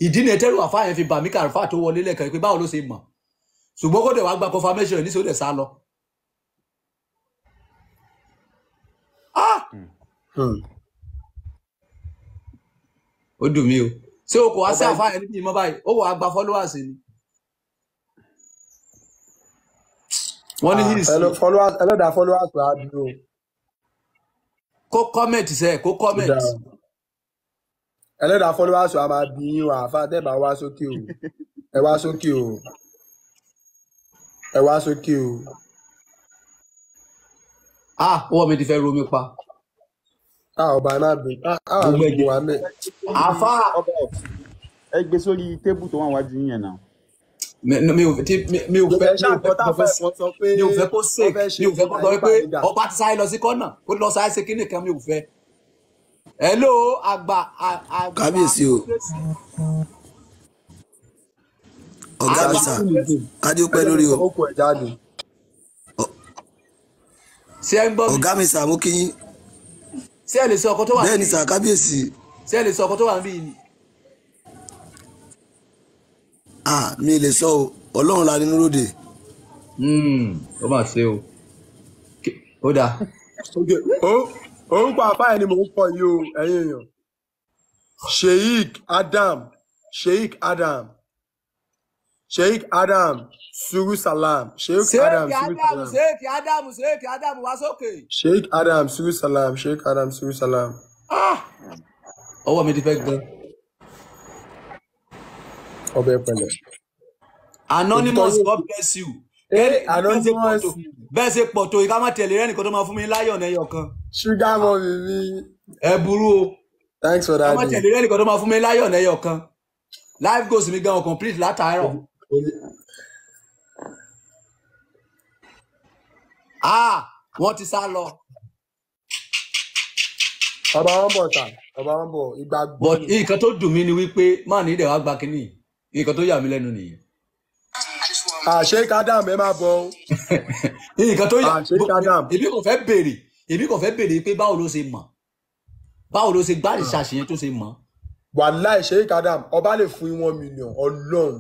[SPEAKER 1] ìdí nìyẹn tẹ́rù àfáà yẹn fi bà mí kàrífà tó wọlé lẹ́ẹ̀kan pé báwo ló ṣe mọ̀ ṣùgbọ́n kó dẹ̀ wá gba confirmation ní sódẹ̀ sá lọ. Ah! Hmm. ó dùn mí o ṣé o kò wá sí àfáà yẹn níbi ìmọ̀ báyìí ó wà á gba followers ni. wọ́n ní ah, his. ẹlẹ́dàá followers rà á dúró. kó comment sẹ́ kó comment. ẹlẹ́dàá followers rà máa bí yín wà àfa tẹ́bà wá sókè o ẹ wá sókè o ẹ wá sókè o. ah wọ́n mi ti fẹ́ romi pa. a ah, ọba náà bẹ a ọba náà bẹ. àfa
[SPEAKER 2] ẹ gbé sórí tébù tó wà wájú yín yẹn náà mi ò fẹ́ mi ò fẹ́ mi ò fẹ́ kó ṣe mi ò fẹ́ kó sọ pé ọba ti sáré
[SPEAKER 1] lọ sí kọ́nà kó lọ sáré ṣe kíni kan mi ò fẹ́. hello àgbà àgbà kábíyèsí o ọ̀gá mi sà kádé pẹ́ lórí o ọ̀gá mi sà mú kí yín. ṣé ẹ lè sọ ọkọ tó wà níbí. bẹ́ẹ̀ ni sà kábíyèsí. ṣé ẹ lè sọ ọkọ tó wà níbí yìí ah mi lè sọ o ọlọ́run la nínú lóde. Hmm, ó mà ṣe o ó dáa. orúkọ àbáyé ni mò ń kọ yìí o ẹ̀yin èèyàn sheik adam sheik adam sheik adam suru salam sheik adam suru salam sheik adam sheik adam wá sókè. sheik adam suru salam sheik adam suru salam. Ah! ọwọ́ mi ti fẹ́ gbọ́n ọbẹ̀ pẹ̀lẹ́. anonymous god bless you. Eh, ẹ anonymous bẹ́ẹ̀ ṣe pọ̀ tó ìka má tẹ̀lé rẹ́ nìkan tó máa fún mi láyọ̀ náà ẹyọ kan. sugar mommy mi. ẹ burú o. thanks for that. ká má tẹ̀lé rẹ́ nìkan tó máa fún mi láyọ̀ náà ẹyọ kan. life goals mi gan-an complete látàárọ̀. ah wọ́n ti sá lọ ọba wọn bọ ta ọba wọn bọ ìgbàgbọ́. but nǹkan tó dùn mí ni wípé má ní ìdẹ̀wà gba kínní nǹkan tó yà mí lẹ́nu nìyẹn. àṣé ah, kádàm ẹ máa bọ o. nǹkan tó yà ah, èmi kò fẹ́ béèrè èmi kò fẹ́ béèrè pé báwo ló ṣe mọ̀ báwo ló ṣe gbáàdì ah. ṣàṣeyẹn tó ṣe mọ̀. wàláì ṣé kádàm ọba lè fún yín one million ọlọ́run.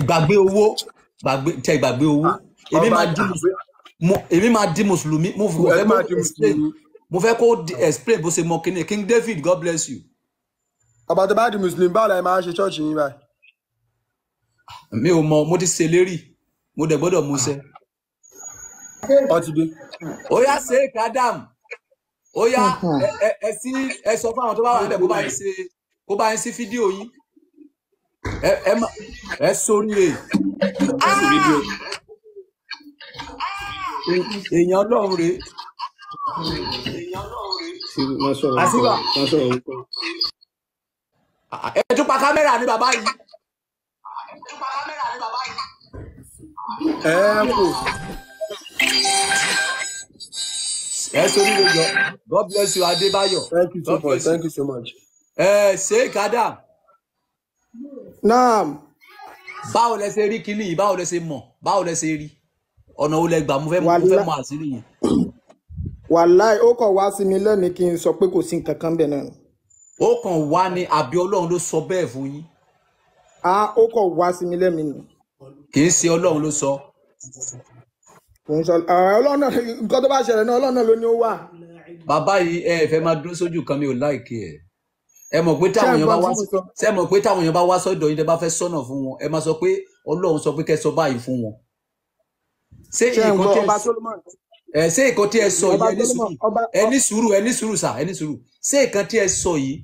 [SPEAKER 1] ìgbàgbé owó tẹ ìgbàgbé owó èmi máa di èmi máa di mùsùlùmí mo fẹ́ kó explain mo fẹ́ kó explain bó ṣe mọ kíni King David God bless you. ọ̀bàtà bá di mùsùlùmí báwo la ẹ máa ṣe ṣọ́ọ̀ṣì yín báyìí mi ò mọ mo ti ṣe lérí mo dẹ̀ gbọ́dọ̀ múṣẹ. ó ti dé. ó yá Sheikh Adam ó yá ẹ sí ẹ sọ fún àwọn tó bá wà níbẹ̀ kó bá yín ṣe kó bá yín sí fídíò yín ẹ ẹ ẹ sórí rẹ̀ e. èèyàn Ọlọ́run rèé ẹ tún pa kámẹ́rà ní bàbá yìí nípa kámẹ́rà ní bàbá yìí. ẹ kò ẹ sórí ló jọ God bless you Adebayo. thank you so God much thank you so much. ẹ ṣe kada. naam. báwo lẹ ṣe rí kinní yìí báwo lẹ ṣe mọ̀ báwo lẹ ṣe rí ọ̀nà wo gbà mo fẹ́ mọ̀ àṣírí yẹn. wàláì ó kàn wá sí mi lẹ́nu kí n sọ pé kò sí nǹkan kan bẹ̀ náà. ó kàn wá ní àbí Ọlọ́run ló sọ bẹ́ẹ̀ fún yín a ó kọ̀ wá sí mi lẹ́mìí nù. kì í ṣe ọlọ́run ló sọ. ọlọ́run náà nǹkan tó bá ṣẹlẹ̀ náà ọlọ́run náà ló ní ó wà. bàbá yìí ẹ fẹ́ máa dúró sójú kan mi ò láìkí ẹ̀ ẹ mọ̀ pé táwọn èèyàn bá wá ṣe mọ̀ pé táwọn èèyàn bá wá sọ́dọ̀ yín tẹ́ bá fẹ́ sọ́nà fún wọn ẹ máa sọ pé ọlọ́run sọ pé kẹ́ sọ báyìí fún wọn. ṣé ìkan tí ẹ sọ yìí ẹ ní sùúrù ẹ ní sùúrù sà ẹ ní sùúrù ṣé ìkan tí ẹ sọ yìí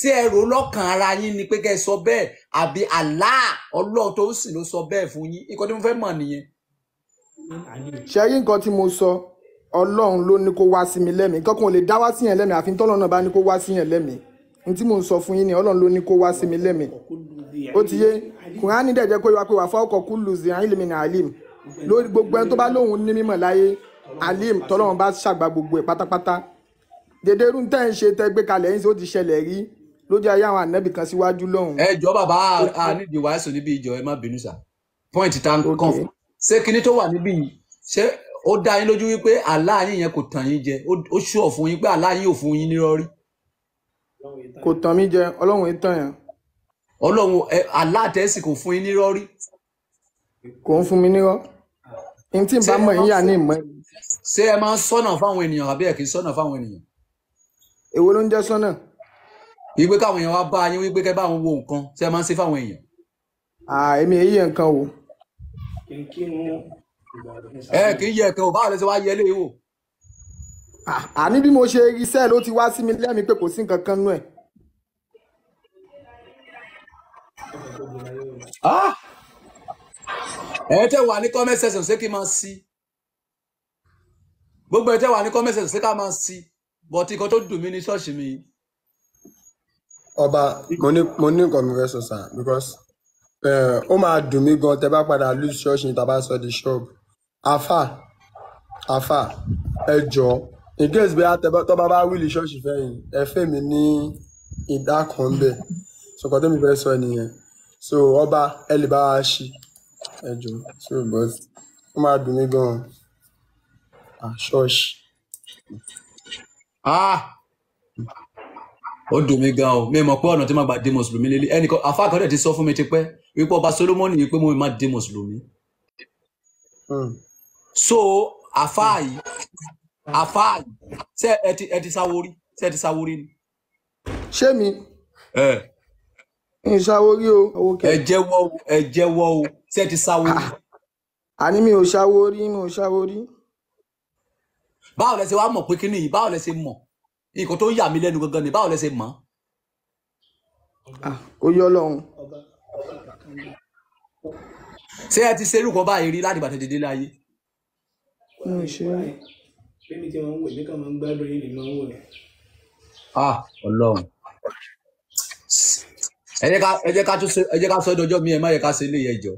[SPEAKER 1] ṣé ẹ rò lọ́kàn ara yín ni pé kẹ́ ẹ sọ bẹ́ẹ̀ àbí Allah ọlọ́run tó sì ló sọ bẹ́ẹ̀ fún yín nǹkan tí mo fẹ́ mọ̀ nìyẹn. ṣe yí nǹkan tí mo sọ ọlọ́run ló ní kó wá sí mi lẹ́mìí nǹkan kan ò lè dá wá sí yẹn lẹ́mìí àfi tọ́lọ́run náà bá ní kó wá sí yẹn lẹ́mìí ní tí mo ń sọ fún yín ni ọlọ́run ló ní kó wá sí mi lẹ́mìí ó ti yé kùránì dẹ̀ kó wá pé wà fún ọkọ̀ kúlù zi àìlèmi ní alim lórí gbogbo ẹni tó bá lóun ní mímọ̀ láyé alim tọ́lọ́run bá ṣàgbà gbogbo ẹ̀ pátápátá dédé irú tẹ́ ń ṣe tẹ́ gbé kalẹ̀ yín sí ó ti ṣẹlẹ̀ rí ló jẹ́ ayé àwọn ànábì kan síwájú lọ́hùn. ẹ jọ bàbá a wàásù níbi ìjọ ẹ má bínú sá point tá n kàn fún ṣé kinní tó wà níbí yìí ṣé ó dá yín lójú wípé aláàyín yẹn kò tàn yín jẹ ó ṣùọ fún yín pé aláàyín ò fún yín nírọ̀rí. kò tàn mí jẹ ọlọ́run ìtàn yẹn. ọlọ́run aláàtẹ̀sí kò fún yín nírọ̀rí. kò ń fún mi nírọ̀ n tí n bá mọ̀ ń yà ní ìmọ̀ ṣé ẹ máa ń sọ́nà fáwọn ènìyàn àbí ẹ̀ kì í sọ́nà fáwọn ènìyàn. èwo ló ń jẹ́ sọ́nà ìgbé káwọn èèyàn wá bá yín wípé kẹ́ bá wọn wo nǹkan ṣe máa ń ṣe fáwọn èèyàn. èmi èyí yẹ nǹkan o. ẹ kì í yẹ nǹkan o báwo lẹ ṣe wá yẹ ilé wò. àní bí mo ṣe iṣẹ́ ló ti wá sí mi lẹ́mìí pé kò sí nǹkan kan nú ẹ̀. ẹ tẹ wà ní comment section ṣé kí n máa sí gbogbo ẹ tẹ wà ní comment section ṣé ká máa sí bọ̀tí kan tó dùn mí ní ṣọ́ọ̀ṣì mi ọba mo ní mo ní nǹkan mi fẹ́ sọ sá because eh, ó máa dùn mí gan tẹ bá padà lose ṣọ́ọ̀ṣì tá a bá sọ di ṣọ́ọ̀bù afa afa ẹ jọ in case bí tọ́ bá bá wíìlì ṣọ́ọ̀ṣì fẹ́yìn ẹ fẹ́ mi ní ìdá kan bẹ́ẹ̀ sọkọ tẹ́mi fẹ́ sọ nìyẹn so ọba ẹ lè bá wa ṣí ẹ jọ so but ó máa dùn mí gan ṣọ́ọ̀ṣì. ah ó dùn mí gan o mi mọ̀ pé ọ̀nà tí màá gba di mùsùlùmí lélẹ̀ ẹnìkan àfáàkàn dẹ̀ ti sọ fún mi ti pẹ́ wípé ọba Solomoni yìí pé mo máa di mùsùlùmí. Hmm. so àfáà yìí àfáà yìí ṣé ẹ ti ẹ ti sáwó rí ṣé ẹ ti sáwó rí ni. ṣé mi. ẹ ń o. ẹ jẹ́wọ́ o ẹ jẹ́wọ́ o ṣé ẹ ti sáwó rí. Ah. àní mi ò sáwó rí mi ò sáwó rí. báwo lẹ ṣe wá mọ̀ pé kíní yìí báwo lẹ ṣe mọ̀ nǹkan tó ń yà mí lẹ́nu gangan ni báwo lẹ ṣe ó yọ lọ́hùn. ṣé ẹ ti ṣerú kan báyìí rí láti bàtẹ́ dédé láyé. mo ṣe ẹ jẹ́ ká sọ ẹ́ mi ẹ má yẹ ká ṣe ilé yẹn jọ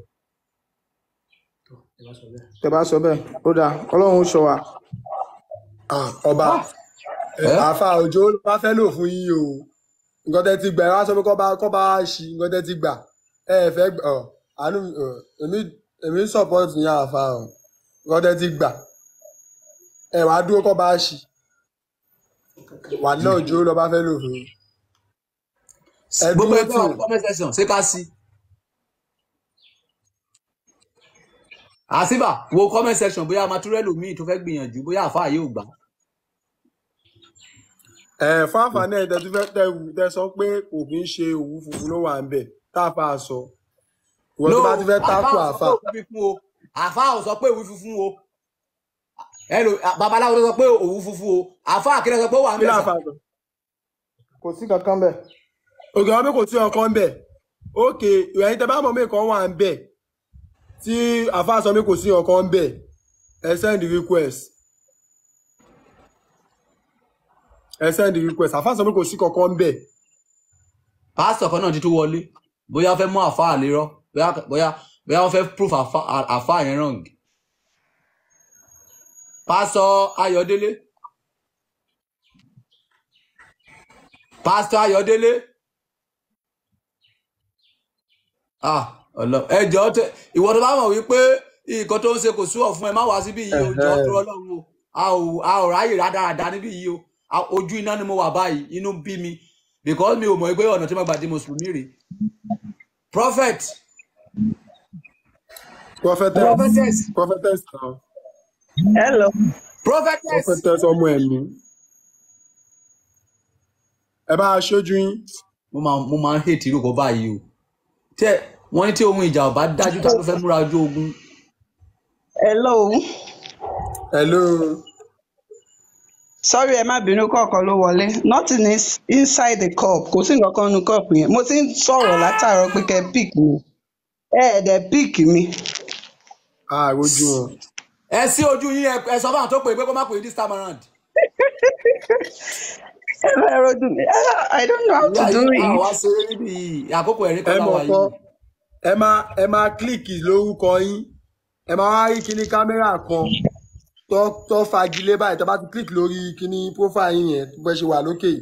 [SPEAKER 1] tẹ bá sọ bẹ́ẹ̀ ó dáa Ọlọ́run ó sọ wa. ọba àfa òjò bá fẹ́ lò fún yín o nǹkan tẹ́ ti gbà ẹ wá sọ pé kọ́ bá kọ́ bá ṣí nǹkan tẹ́ ti gbà ẹ fẹ́ ọ àánú èmi èmi ń support ní àfa o nǹkan tẹ́ ti gbà ẹ wàá dúró kọ́ bá ṣí wà náà òjò lọ bá fẹ́ lò fún yín. ẹ dúró tí o comment section ṣé ká sí. àṣìbà wo comment section bóyá material mi tó fẹ́ gbìyànjú bóyá àfa yóò gbà á fún àǹfààní ẹ̀dẹ̀ tó fẹ́ tẹ sọ pé òbí ń ṣe òwú funfun ló wà ń bẹ̀ tá a fa sọ ìwọ tó bá ti fẹ́ tákù àfa. àfa ò sọ pé òwú funfun o ẹnu babaláwo ló sọ pé òwú funfun o àfa àkìlẹ̀ sọ pé ó wà ń bẹ̀ sà. kò sí kankan bẹ̀. ògè wọn pé kò sí ọkàn bẹ̀ ókè ìròyìn tẹ bá mọ̀ mí kan wà ń bẹ̀ tí àfa sọ mi kò sí ọkàn bẹ̀ ẹ send request. ẹ send request àfa sọ pé kò sí kankan bẹ́ẹ̀. pásítọ̀ kan náà ti tún wọlé bóyá wọ́n fẹ́ mú àfa àlérọ́ bóyá bóyá wọ́n fẹ́ proof àfa yẹn wrong. pásítọ̀ Ayọ̀délé. pásítọ̀ Ayọ̀délé. ah ọlọ ẹ jọ ìwọ tó bá mọ̀ wípé nǹkan tó ń ṣe kò sú ọ fún ẹ má wá síbí yìí o jọ tó Ọlọ́run o a ò ráyè rádaràda níbí yìí o ojú iná ni mo wà báyìí inú bí mi because mi ò mọ̀ pé ọ̀nà tí mo gbà di mùsùlùmí rè prophet. prophetess prophetess kan. hello. prophetess prophetess ọmọ ẹ̀mí. ẹ bá a ṣojú yín. mo máa mo máa ń hètì irú kan báyìí o tẹ wọn ní tí ohun ìjà ọba dájú tá ló fẹ́ múra ojú ogun. hello. hello sorry ẹ má bínú kọ̀ọ̀kan ló wọlé nothing is inside the cup kò sí nǹkan kan nu cup yẹn mo ti ń sọ̀rọ̀ látàárọ̀ pé kẹ́ pick mi ẹ ẹ̀ dẹ̀ pick mi. àròjù ọ. ẹ sí ojú yín ẹ sọ fún àwọn tó pè é pé kó má pè é this time around. ẹ bá ẹ rojú mi i don't know how to do it. àwa ṣeré níbi àkókò ẹ̀rín kan náà wáyé. ẹ máa ẹ máa kílìkì lórúkọ yín ẹ máa wá rí kíní kámẹ́rà kan tó tó fagilé báyìí tó bá ti click lórí kíní profile yín yẹn bó ṣe wà lókè yìí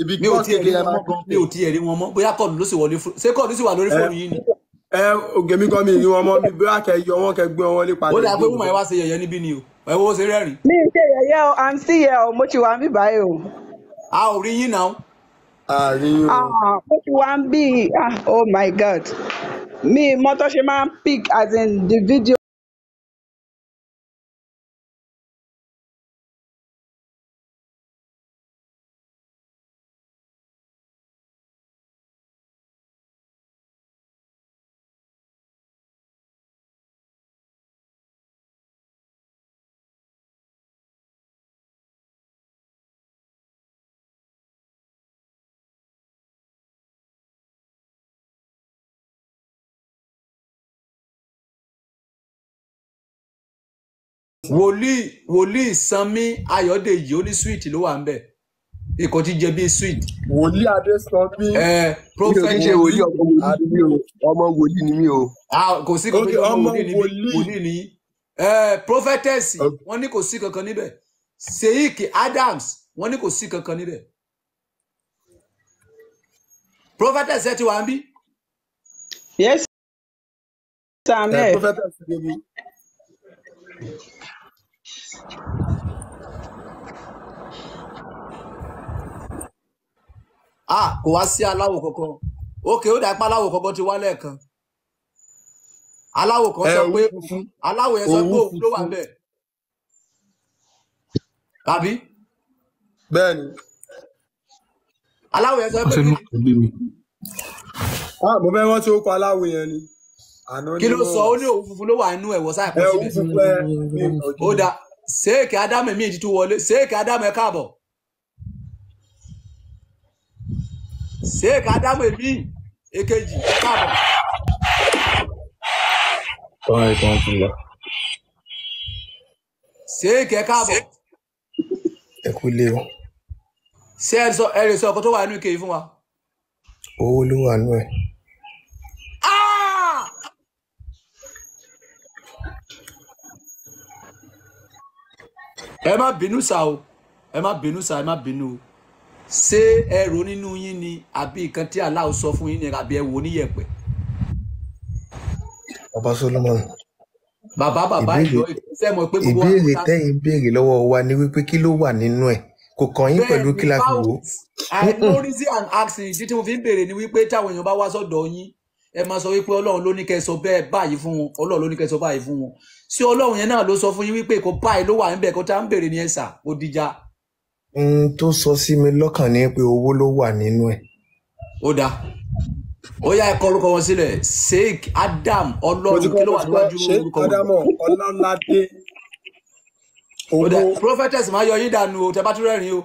[SPEAKER 1] ibi kí wọ́n ti rí wọn mọ́ mi ò ti rí wọn mọ́ bóyá kọ́ọ̀dù ló sì wọlé fún ṣé kọ́ọ̀dù sì wà lórí fóònù yìí ni. ẹ ògèmí kan mi rí wọn mọ́ mi bóyá kẹ yọ wọn kẹ gbé wọn lé padà. ó dà pé wúmọ̀ ẹ wá ṣe yẹ̀yẹ́ níbí ni o ẹ wo ṣe rẹ́rìn. mi ì ṣe yẹ̀yẹ́ o i'm still here o mo ti wà ń bí báyìí o. a ò rí yín náà. a rí o. Ah, mo ti wà ń bí ah, oh my god mi mọ́tò ṣe máa ń pick as in the video. wòlíì wòlíì sanmi ayọ̀dèjì oníṣúìtì ló wà ń bẹ̀ ikọ̀ tí jẹ bíi sweet. wòlíì adé sanmi. ẹ prọfẹtì ṣe wòlíì ọmọ wòlíì ni mi o ọmọ wòlíì ni mi o. kò sí kankan níbẹ̀ ọmọ wòlíì ni ẹ prọfẹtẹsì wọ́n ní kò sí kankan níbẹ̀ Sheik Adams wọ́n ní kò sí kankan níbẹ̀ prọfẹtẹsì ẹ ti wà ń bí.
[SPEAKER 2] yes sir.
[SPEAKER 1] Eh, ẹ prọfẹtẹsì dé mi ah kò wá sí aláwọ̀ kankan òkè ó dàpá aláwọ̀ kankan ti wá lẹ́ẹ̀kan aláwọ̀ kan sọ pé aláwọ̀ yẹn sọ pé òun ló wà bẹ́ẹ̀ tàbí. bẹ́ẹ̀ni. aláwọ̀ yẹn sọ pé. Ah, mo fẹ́ rántí orúkọ aláwọ̀ yẹn ni. kí ló sọ ó ní òun funfun ló wà nínú ẹ̀wọ̀ sáà pọ̀ síbẹ̀. ó dáa séèkì ádámù míì ti tún wọlé séèkì ádámù ẹ káàbọ̀ séèkì ádámù míì èkejì ẹ káàbọ̀. séèkì ẹ káàbọ̀. ẹ kú lé o. ṣé ẹ lè sọ ọkọ tó wà nínú ike yìí fún wa. owó ló wà nínú ẹ. ẹ má bínú sá o ẹ má bínú sá ẹ má bínú o ṣé ẹ rò nínú yín ni àbí nǹkan tí aláwo sọ fún yín ni àbí ẹ wò níyẹ̀pẹ̀. bàbá Solomon. bàbá bàbá ìlọ ìfẹsẹ̀ mọ̀ pé gbogbo àwọn. ìbéèrè tẹ́yìn
[SPEAKER 2] béèrè lọ́wọ́ wa ni wípé kí ló wà nínú ẹ̀ kò kàn yín pẹ̀lú kí la fi wò. àìlórí
[SPEAKER 1] sí àǹsìn ìdí tí mo fi ń béèrè ni wípé táwọn èèyàn bá wá sọ́dọ̀ yín ẹ máa sọ wípé ọlọ́run ló ní kẹ́ sọ bẹ́ẹ̀ báyìí fún wọn ọlọ́run ló ní kẹ́ sọ báyìí fún wọn ṣé ọlọ́run yẹn náà ló sọ fún yín wípé kò báyìí ló wà níbẹ̀ kó tá à ń bèrè ní ẹ̀sà kó dìjà.
[SPEAKER 2] n tó sọ sí mi lọ́kàn ni pé owó ló wà nínú ẹ̀.
[SPEAKER 1] ó dáa ó yá ẹ kọ orúkọ wọn sílẹ̀ Sheik Adam ọlọ́run kí ló wà níwájú orúkọ wọn. Adam Ọlọ́ládé. ó dáa prophetess máa yọ yín dànù o tẹ bá tún rẹ́rìn o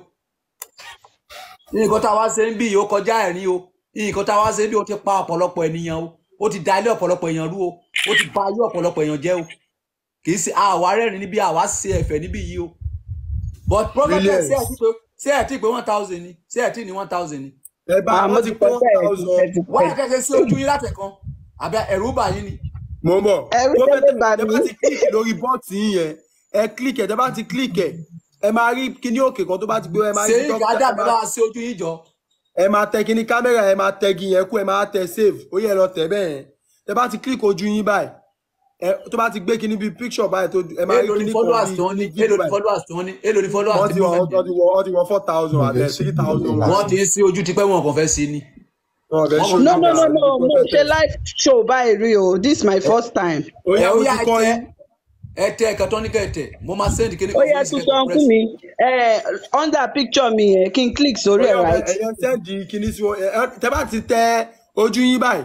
[SPEAKER 1] nǹkan a wá ṣe ń bì yìí ó o nǹkan tá a wá ṣe bí o ti pa ọ̀pọ̀lọpọ̀ ènìyàn o ó ti da ilé ọ̀pọ̀lọpọ̀ èèyàn rú o ó ti ba ayé ọ̀pọ̀lọpọ̀ èèyàn jẹ́ o kì í ṣe àwa rẹ́rìn níbi àwa ṣe ẹ̀fẹ̀ níbí yìí o but prophet ṣe ẹ̀ tí pé ṣe ẹ̀ tí pé one thousand ni ṣe ẹ̀ tí ni one thousand ni. ẹ bá àwọn ti pẹ́ one thousand. wọ́n yà kẹ́kẹ́ sí ojú yín látẹ̀kan àbẹ ẹ̀rú bà yín ni. mo ń bọ̀ prophet ẹ bá ti kílìkì lórí bọ́ọ̀tì yẹn ẹ kílìkì ẹ bá ti kílìkì ẹ máa rí kíní òkè kan tó bá ti ẹ máa tẹ kíní kámẹ́rà ẹ máa tẹ gíyẹn kú ẹ máa tẹ save ó yẹ lọ tẹ bẹ́ẹ̀ tẹ bá ti click ojú yín báyìí ẹ tó bá ti gbé kíní bíi picture báyìí tó ẹ máa rí kíní kan bíi èlò ni followers tó ní èlò ni followers tó ní. wọ́n ti wọ
[SPEAKER 2] wọ́n ti wọ four thousand àti three
[SPEAKER 1] thousand. wọ́n ti ń sí ojú tipẹ́ wọn kò fẹ́ sí ni. No, no, no, no, mo ṣe live show báyìí rí o, this my first time. Oya ojú kọ́ yín ẹ tẹ ẹka mo máa send kí ni. ó yẹ tún fún mi under picture mi yẹn kí n click sórí ẹ right. ẹyọ sẹ́ndì kíní sí wọn tẹ bá ti tẹ ojú yín báyìí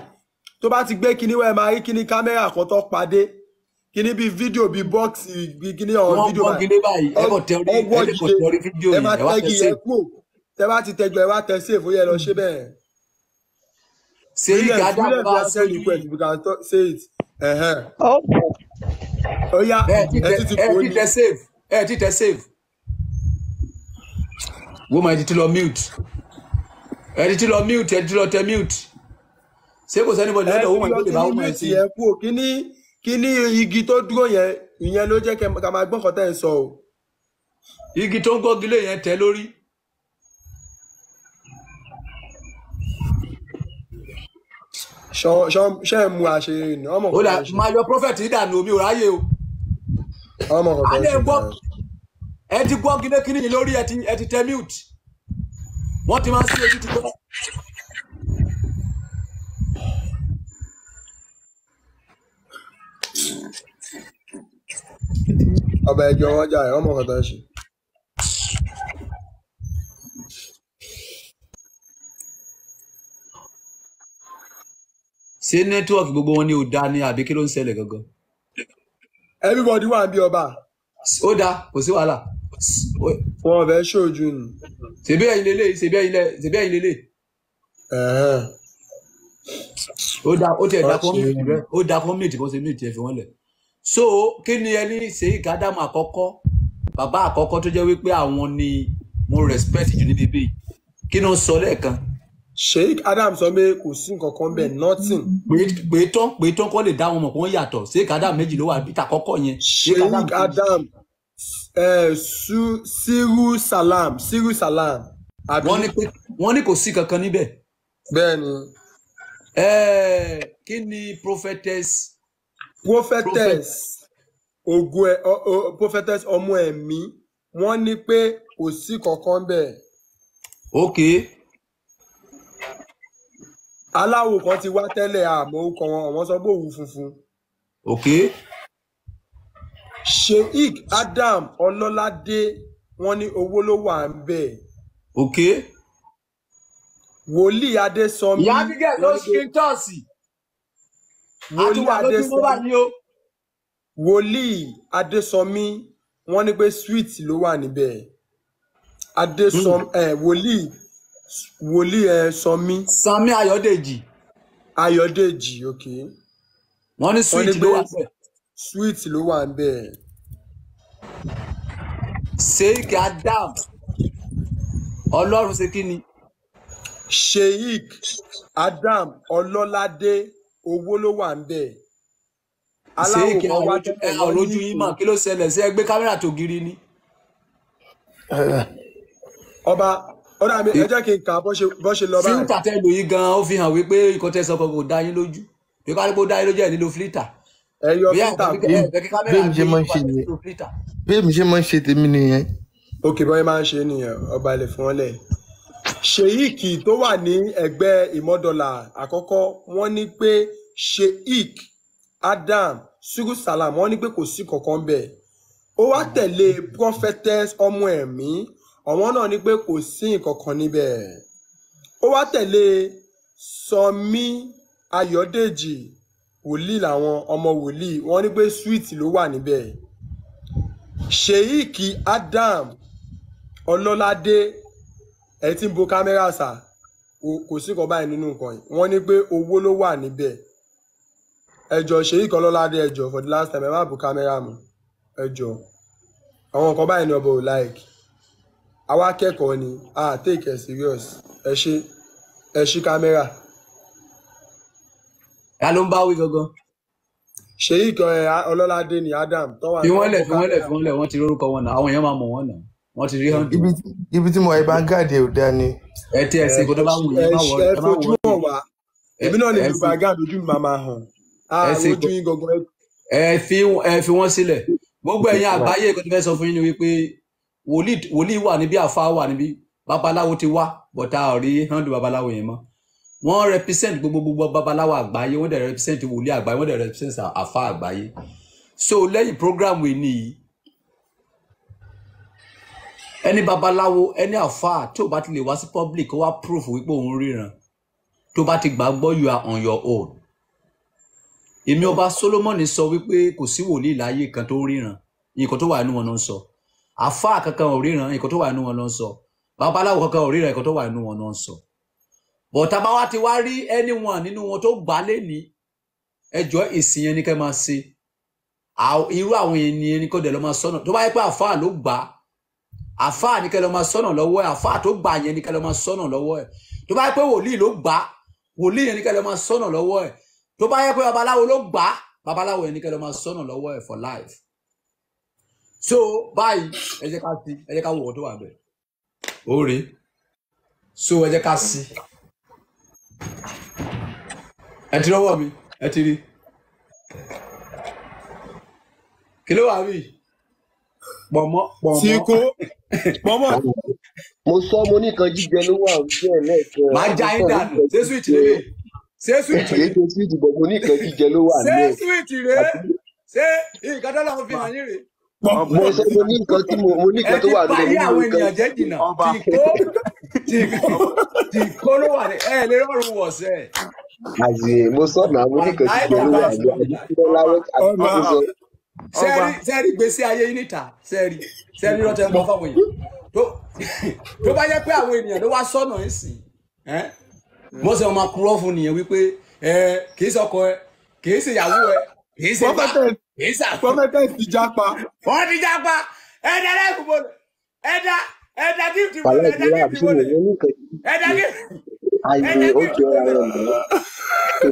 [SPEAKER 1] tó bá ti gbé kíní wẹ́ẹ̀ máa rí kíní kámẹ́rà kan tó padé kíní bíi fídíò bíi bọ́ọ̀sì kíní ọ̀rọ̀ fídíò báyìí ẹ tẹ orí ẹ yìí ẹ wá tẹ save tẹ bá ti tẹjọ ẹ wá tẹ save ó yẹ lọ ṣe bẹ́ẹ̀. ṣé ìgbà dábàá ṣe é ọ̀yá ẹ ti kò tẹ save ẹ ti tẹ save woman ẹ ti ti lọ mute ẹ ti lọ mute ẹ ti lọ tẹ mute ṣé kò sẹ́ni bọ́ọ̀dì lọ́dọ̀ woman tó lè bá woman sí. ẹ kú kíní kíní igi tó dúró yẹn ìyẹn ló jẹ́ ká máa gbọ́kọ̀tà ẹ̀ sọ o. igi tó ń gọ́gilé yẹn tẹ lórí. ṣe ń mu àṣeyẹ ni ọmọ kọkọ ṣe. máa yọ prophet ìdànù omi ò ráyè o. ọmọ kọkọ ṣe. ẹ ti gbọ́ kínníkínní yìí lórí ẹ ti tẹ mute wọ́n ti máa ń sí ojú ti gbọ́. ọba ẹjọ wọn jà ẹ ọmọ kọkọ ṣe. ṣé nẹ́tíwọ̀kì gbogbo wọn ni ò dáa ni àbí kí ló ń ṣẹlẹ̀ gangan. everybody wà bí ọba. ó dáa kò sí wàhálà. wọn ò fẹ́ ṣojú ni. ṣèbí ẹ̀yin lélẹ̀ ṣèbí ẹ̀yin lẹ̀ ṣèbí ẹ̀yin lélẹ̀. ó dáa ó tiẹ̀ dáa kó mìtì rẹ ó dáa kó mìtì bó ṣe mìtì ẹ̀ fi wọ́n lẹ̀. so kí ni ẹni ṣe ìkádàmú àkọ́kọ́ bàbá àkọ́kọ́ tó jẹ́ wípé àwọn ni mo respect jù níbi bíi kí ni ó sọ lẹ́ẹ̀kan sheik adam sọ pé kò sí nǹkan kan bẹ́ẹ̀ nothing. pé tán pé tán kọ́ lè dá wọn mọ̀ kó wọ́n yàtọ̀ sheik adam méjì ló wà bíta kọ́kọ́ yẹn. sheik adam siru salam siru salam. wọ́n ní kò sí kankan níbẹ̀. bẹ́ẹ̀ni. kí ni prophetess. prophetess ogun ẹ prophetess ọmọ mi wọ́n ní pé kò sí kankan bẹ́ẹ̀. okay aláwo kan ti wá tẹ́lẹ̀ àmọ́ orúkọ wọn àwọn sọ pé òwú funfun. okay. sheik adam ọlọ́ládé wọ́n ní owó ló wà ń bẹ̀. okay. wòlíì adésọmi. ìyá abigail ló ṣe tọ́ọ̀sì. wòlíì adésọmi wòlíì adésọmi wọ́n ní pé sweet ló wà níbẹ̀ adésọmi hmm. eh, wòlíì wòlíì ẹ eh, Sànmí. Sànmí Ayọ̀dèjì. Ayọ̀dèjì ok.
[SPEAKER 2] wọ́n ní sweet ló wà
[SPEAKER 1] bẹ́ẹ̀. sweet ló wà bẹ́ẹ̀. Sheikh Adam ọlọ́run ṣe kí ni. Sheikh Adam ọlọ́ládé owó ló wà bẹ́ẹ̀. aláwọ̀ kan wájú ẹ̀ ọ̀rọ̀jú yín mọ̀ kí ló ṣẹlẹ̀ sí ẹgbẹ́ kámẹ́rà tó giri ni. Eh. ọba ọ̀rọ̀ àmì ẹ jẹ́ kí n kà bọ́ ṣe lọ báyìí. fílítà tẹ́ lò yìí gan-an ó fi hàn wípé ikọ̀ tẹ́ sọ kò dá yín lójú bí kárí kó dá yín lójú ẹ̀ nílò fílítà. ẹ yọ fílítà bí èmi ṣe máa ń ṣe nìyẹn bí èmi ṣe máa ń ṣe tèmi nìyẹn. òkè bọ́yìn máa ń ṣe nìyẹn ọba ilẹ̀ fún wọn sheik tó wà ní ẹgbẹ́ ìmọ̀dọ́là àkọ́kọ́ wọ́n ní pé sheik adam sugu salam wọ́n ní pé kò sí kọ̀ọ̀kan bẹ́ẹ̀ ó wá tẹ̀lé prophetess ọmọ ẹ̀mí àwọn náà ní pé kò sí nǹkankan níbẹ̀ ó wá tẹ̀lé sọmí ayọ̀dèjì wòlíì làwọn ọmọ wòlíì wọ́n ní pé sweet ló wà níbẹ̀ sheik adam ọlọ́ládé ẹ ti ń bo kámẹ́rà sà kò sí nǹkan báyìí nínú nǹkan yìí wọ́n ní pé owó ló wà níbẹ̀ ẹjọ sheik ọlọ́ládé ẹjọ for the last time ẹ má bo kámẹ́rà mu ẹjọ àwọn nǹkan báyìí ni ọba ò like àwa akẹ́kọ̀ọ́ ni a take it serious ẹ ṣe ẹ ṣí kámẹ́rà. ta ló ń bá wí gangan. ṣèyí kan ẹ ọlọ́ládé ni adam tó wà. fi wọ́n lẹ̀ fi wọ́n lẹ̀ fi wọ́n lẹ̀ wọ́n ti rórúkọ wọn náà àwọn èèyàn máa mọ̀ wọ́n náà wọ́n ti rí hàn. ibi tí mo ẹ bá ń gáàdì ò dá ni. ẹ tí ẹ ṣe kó bá wù yín má wọ ẹ fojú hàn wá èmi náà lè fi bàgáàdì ojú mi máa máa hàn. ẹ fi wọ́n sílẹ̀ gbogbo ẹ̀yin àgbáyé kò tó fún yín ni wípé wòlíì wòlíì wà níbí àfa wà níbí babaláwo ti wá bọ̀tà ọ̀rí hàndù babaláwo yẹn mọ́ wọ́n represent gbogbo gbogbo babaláwo àgbáyé wọ́n dẹ̀ represent wòlíì àgbáyé wọ́n dẹ̀ represent àfa àgbáyé so lẹ́yìn program yìí nìyí ẹni babaláwo ẹni àfa tó o bá ti lè wá sí public kó wá proof wípé òun ríran tó bá ti gbàgbọ́ you are on your own èmi ọba Solomoni sọ wípé kò sí wòlíì láyé kan tó ríran nǹkan tó wà nínú wọn náà sọ. So àfáà kankan ò ríran nǹkan tó wà nínú wọn ló ń sọ babaláwo kankan ò ríran nǹkan tó wà nínú wọn ló sọ bọ̀tà bá wá ti wá rí anyone nínú wọn tó gbà lẹ́ni ẹjọ́ ìsìn yẹn ni kẹ́ máa ṣe irú àwọn ènìyàn ni kò dẹ̀ lọ máa sọ̀nà tó bá yẹ pé àfáà ló gbà á àfáà ní kẹ́ lọ máa sọ̀nà lọ́wọ́ ẹ̀ àfáà tó gbà yẹn ni kẹ́ lọ máa sọ̀nà lọ́wọ́ ẹ̀ tó bá yẹ pé wòlíì ló gbà á wòlíì yẹn ni kẹ́ lọ máa sọ̀nà lọ́wọ́ ẹ̀ tó bá yẹ pé babaláwo ló gbà á babaláwo yẹn ni kẹ́ lọ máa sọ̀nà lọ́wọ́ ẹ̀ for life so báyìí ẹ jẹ́ ká sí ẹ jẹ́ ká wọ̀ ọ́ tó wà bẹ̀ ó rí so ẹ jẹ́ ká sí ẹ ti rọ́wọ́ mi ẹ ti rí kí ló wà rí pọ̀mọ́ pọ̀mọ́ síkú pọ̀mọ́. mo sọ mo nìkan jíjẹ ló wà ojú ẹ lẹ́ẹ̀kan. màá já yín dànù ṣé switch lélẹ̀ ṣé switch lélẹ̀. èyí switch bọ̀ ṣé switch rèé ṣé ìkádọ́là mo fi hàn yín rèé mo sọ mo ní nǹkan tí mo ní nǹkan tó wà nínú mi nínú nǹkan ọba tìkó ló wà ní ẹ lè rọrùn wọ̀ sẹ́. àzì mo sọ náà mo ní nǹkan tí mo ní wà ní àdúgbò láwọ àti sọ. sẹ́ẹ̀rì gbèsè ayé yín níta sẹ́ẹ̀rì sẹ́ẹ̀rì lọ́tẹ̀ ń bọ́ fáwọn èèyàn tó bá yẹ pé àwọn ènìyàn ló wá sọ́nà ẹ̀ sìn mo sọ ma kúrọ́ fún nìyẹn wípé kì í sọkọ ẹ kì í ṣèyàwó ẹ kì í ṣe bá Prometheus ti japa. Wọ́n ti japa. Ẹ̀dá lẹ́kùn bolo. Ẹ̀dá ẹ̀dá gift bolo. Ẹ̀dá gift bolo. Ẹ̀dá gift.
[SPEAKER 2] Ẹ̀dá gift bolo.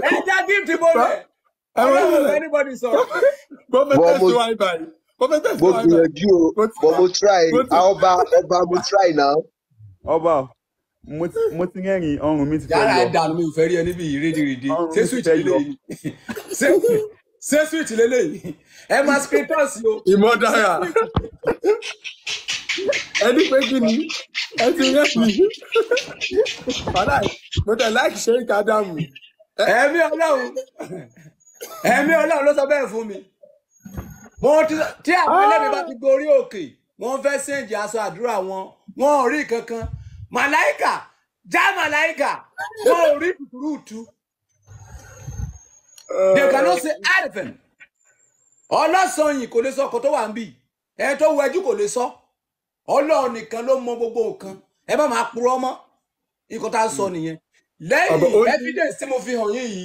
[SPEAKER 1] Ẹ̀dá gift bolo. Ẹ̀wọ̀n anybody sọ. Prometheus ti wá ibàyí. Prometheus ti wá ibàyí. Mo gbìyànjú o, but mo try. Ọba ọba mo try now. Ọba
[SPEAKER 2] mo ti rẹ́rìn ọrùn mi ti fẹ́ lọ. Yàrá ẹ̀dá
[SPEAKER 1] mi ò fẹ́ rí ẹ níbi ìrédìrídì. Ṣé switch ilé yìí? ṣé switch lélẹ́yìí ẹ máa scriptors o. ìmọ̀ dára ẹni pé kí ni ẹ ti rẹ́ mi padà mo tẹ̀ láì ṣe é kádàmù. ẹ̀mí ọlọ́run ẹ̀mí ọlọ́run ló sọ bẹ́ẹ̀ fún mi wọn tí àwọn ah! ẹlẹ́mìí bá ti gorí òkè wọn fẹ́ sẹ́ǹdì aṣọ àdúrà wọn wọn ò rí kankan màláìkà já màláìkà wọn ò rí rúùtù they cannot say anything ọlọ́sàn-yìn kò lè sọ ọkọ̀ tó wà ń bì ẹ tó wọ ẹjú kò lè sọ ọlọ́ọ̀ nìkan ló mọ gbogbo nǹkan ẹ bá máa purọ́ mọ́ nǹkan tá a sọ hmm. nìyẹn lẹ́yìn evidence tí mo fi hàn yín yìí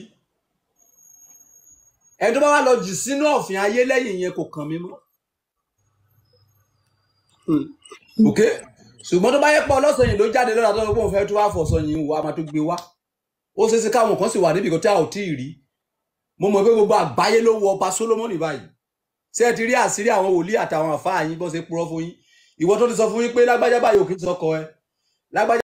[SPEAKER 1] ẹ tó bá wà lọ jì sínú ọ̀fìn ayé lẹ́yìn yẹn kò kàn mí mọ́ hmm. ok ṣùgbọ́n tó bá yẹ pa ọlọ́sàn-yìn ló jáde lọ́dà tó ń fẹ́ tó wà fọ̀sàn-yìn wà á máa tó gbé wá ó ṣeé ṣe káwọn kan sì wà níbi kan tí mo mọ̀ pé gbogbo àgbáyé ló wọ ọba Solomoni báyìí ṣé ẹ ti rí àṣírí àwọn wòlíì àtàwọn àfáà yín bó ṣe purọ́ fún yín ìwọ tó ti sọ fún yín pé lágbájá báyìí ò kí ń sọkọ ẹ lágbájá.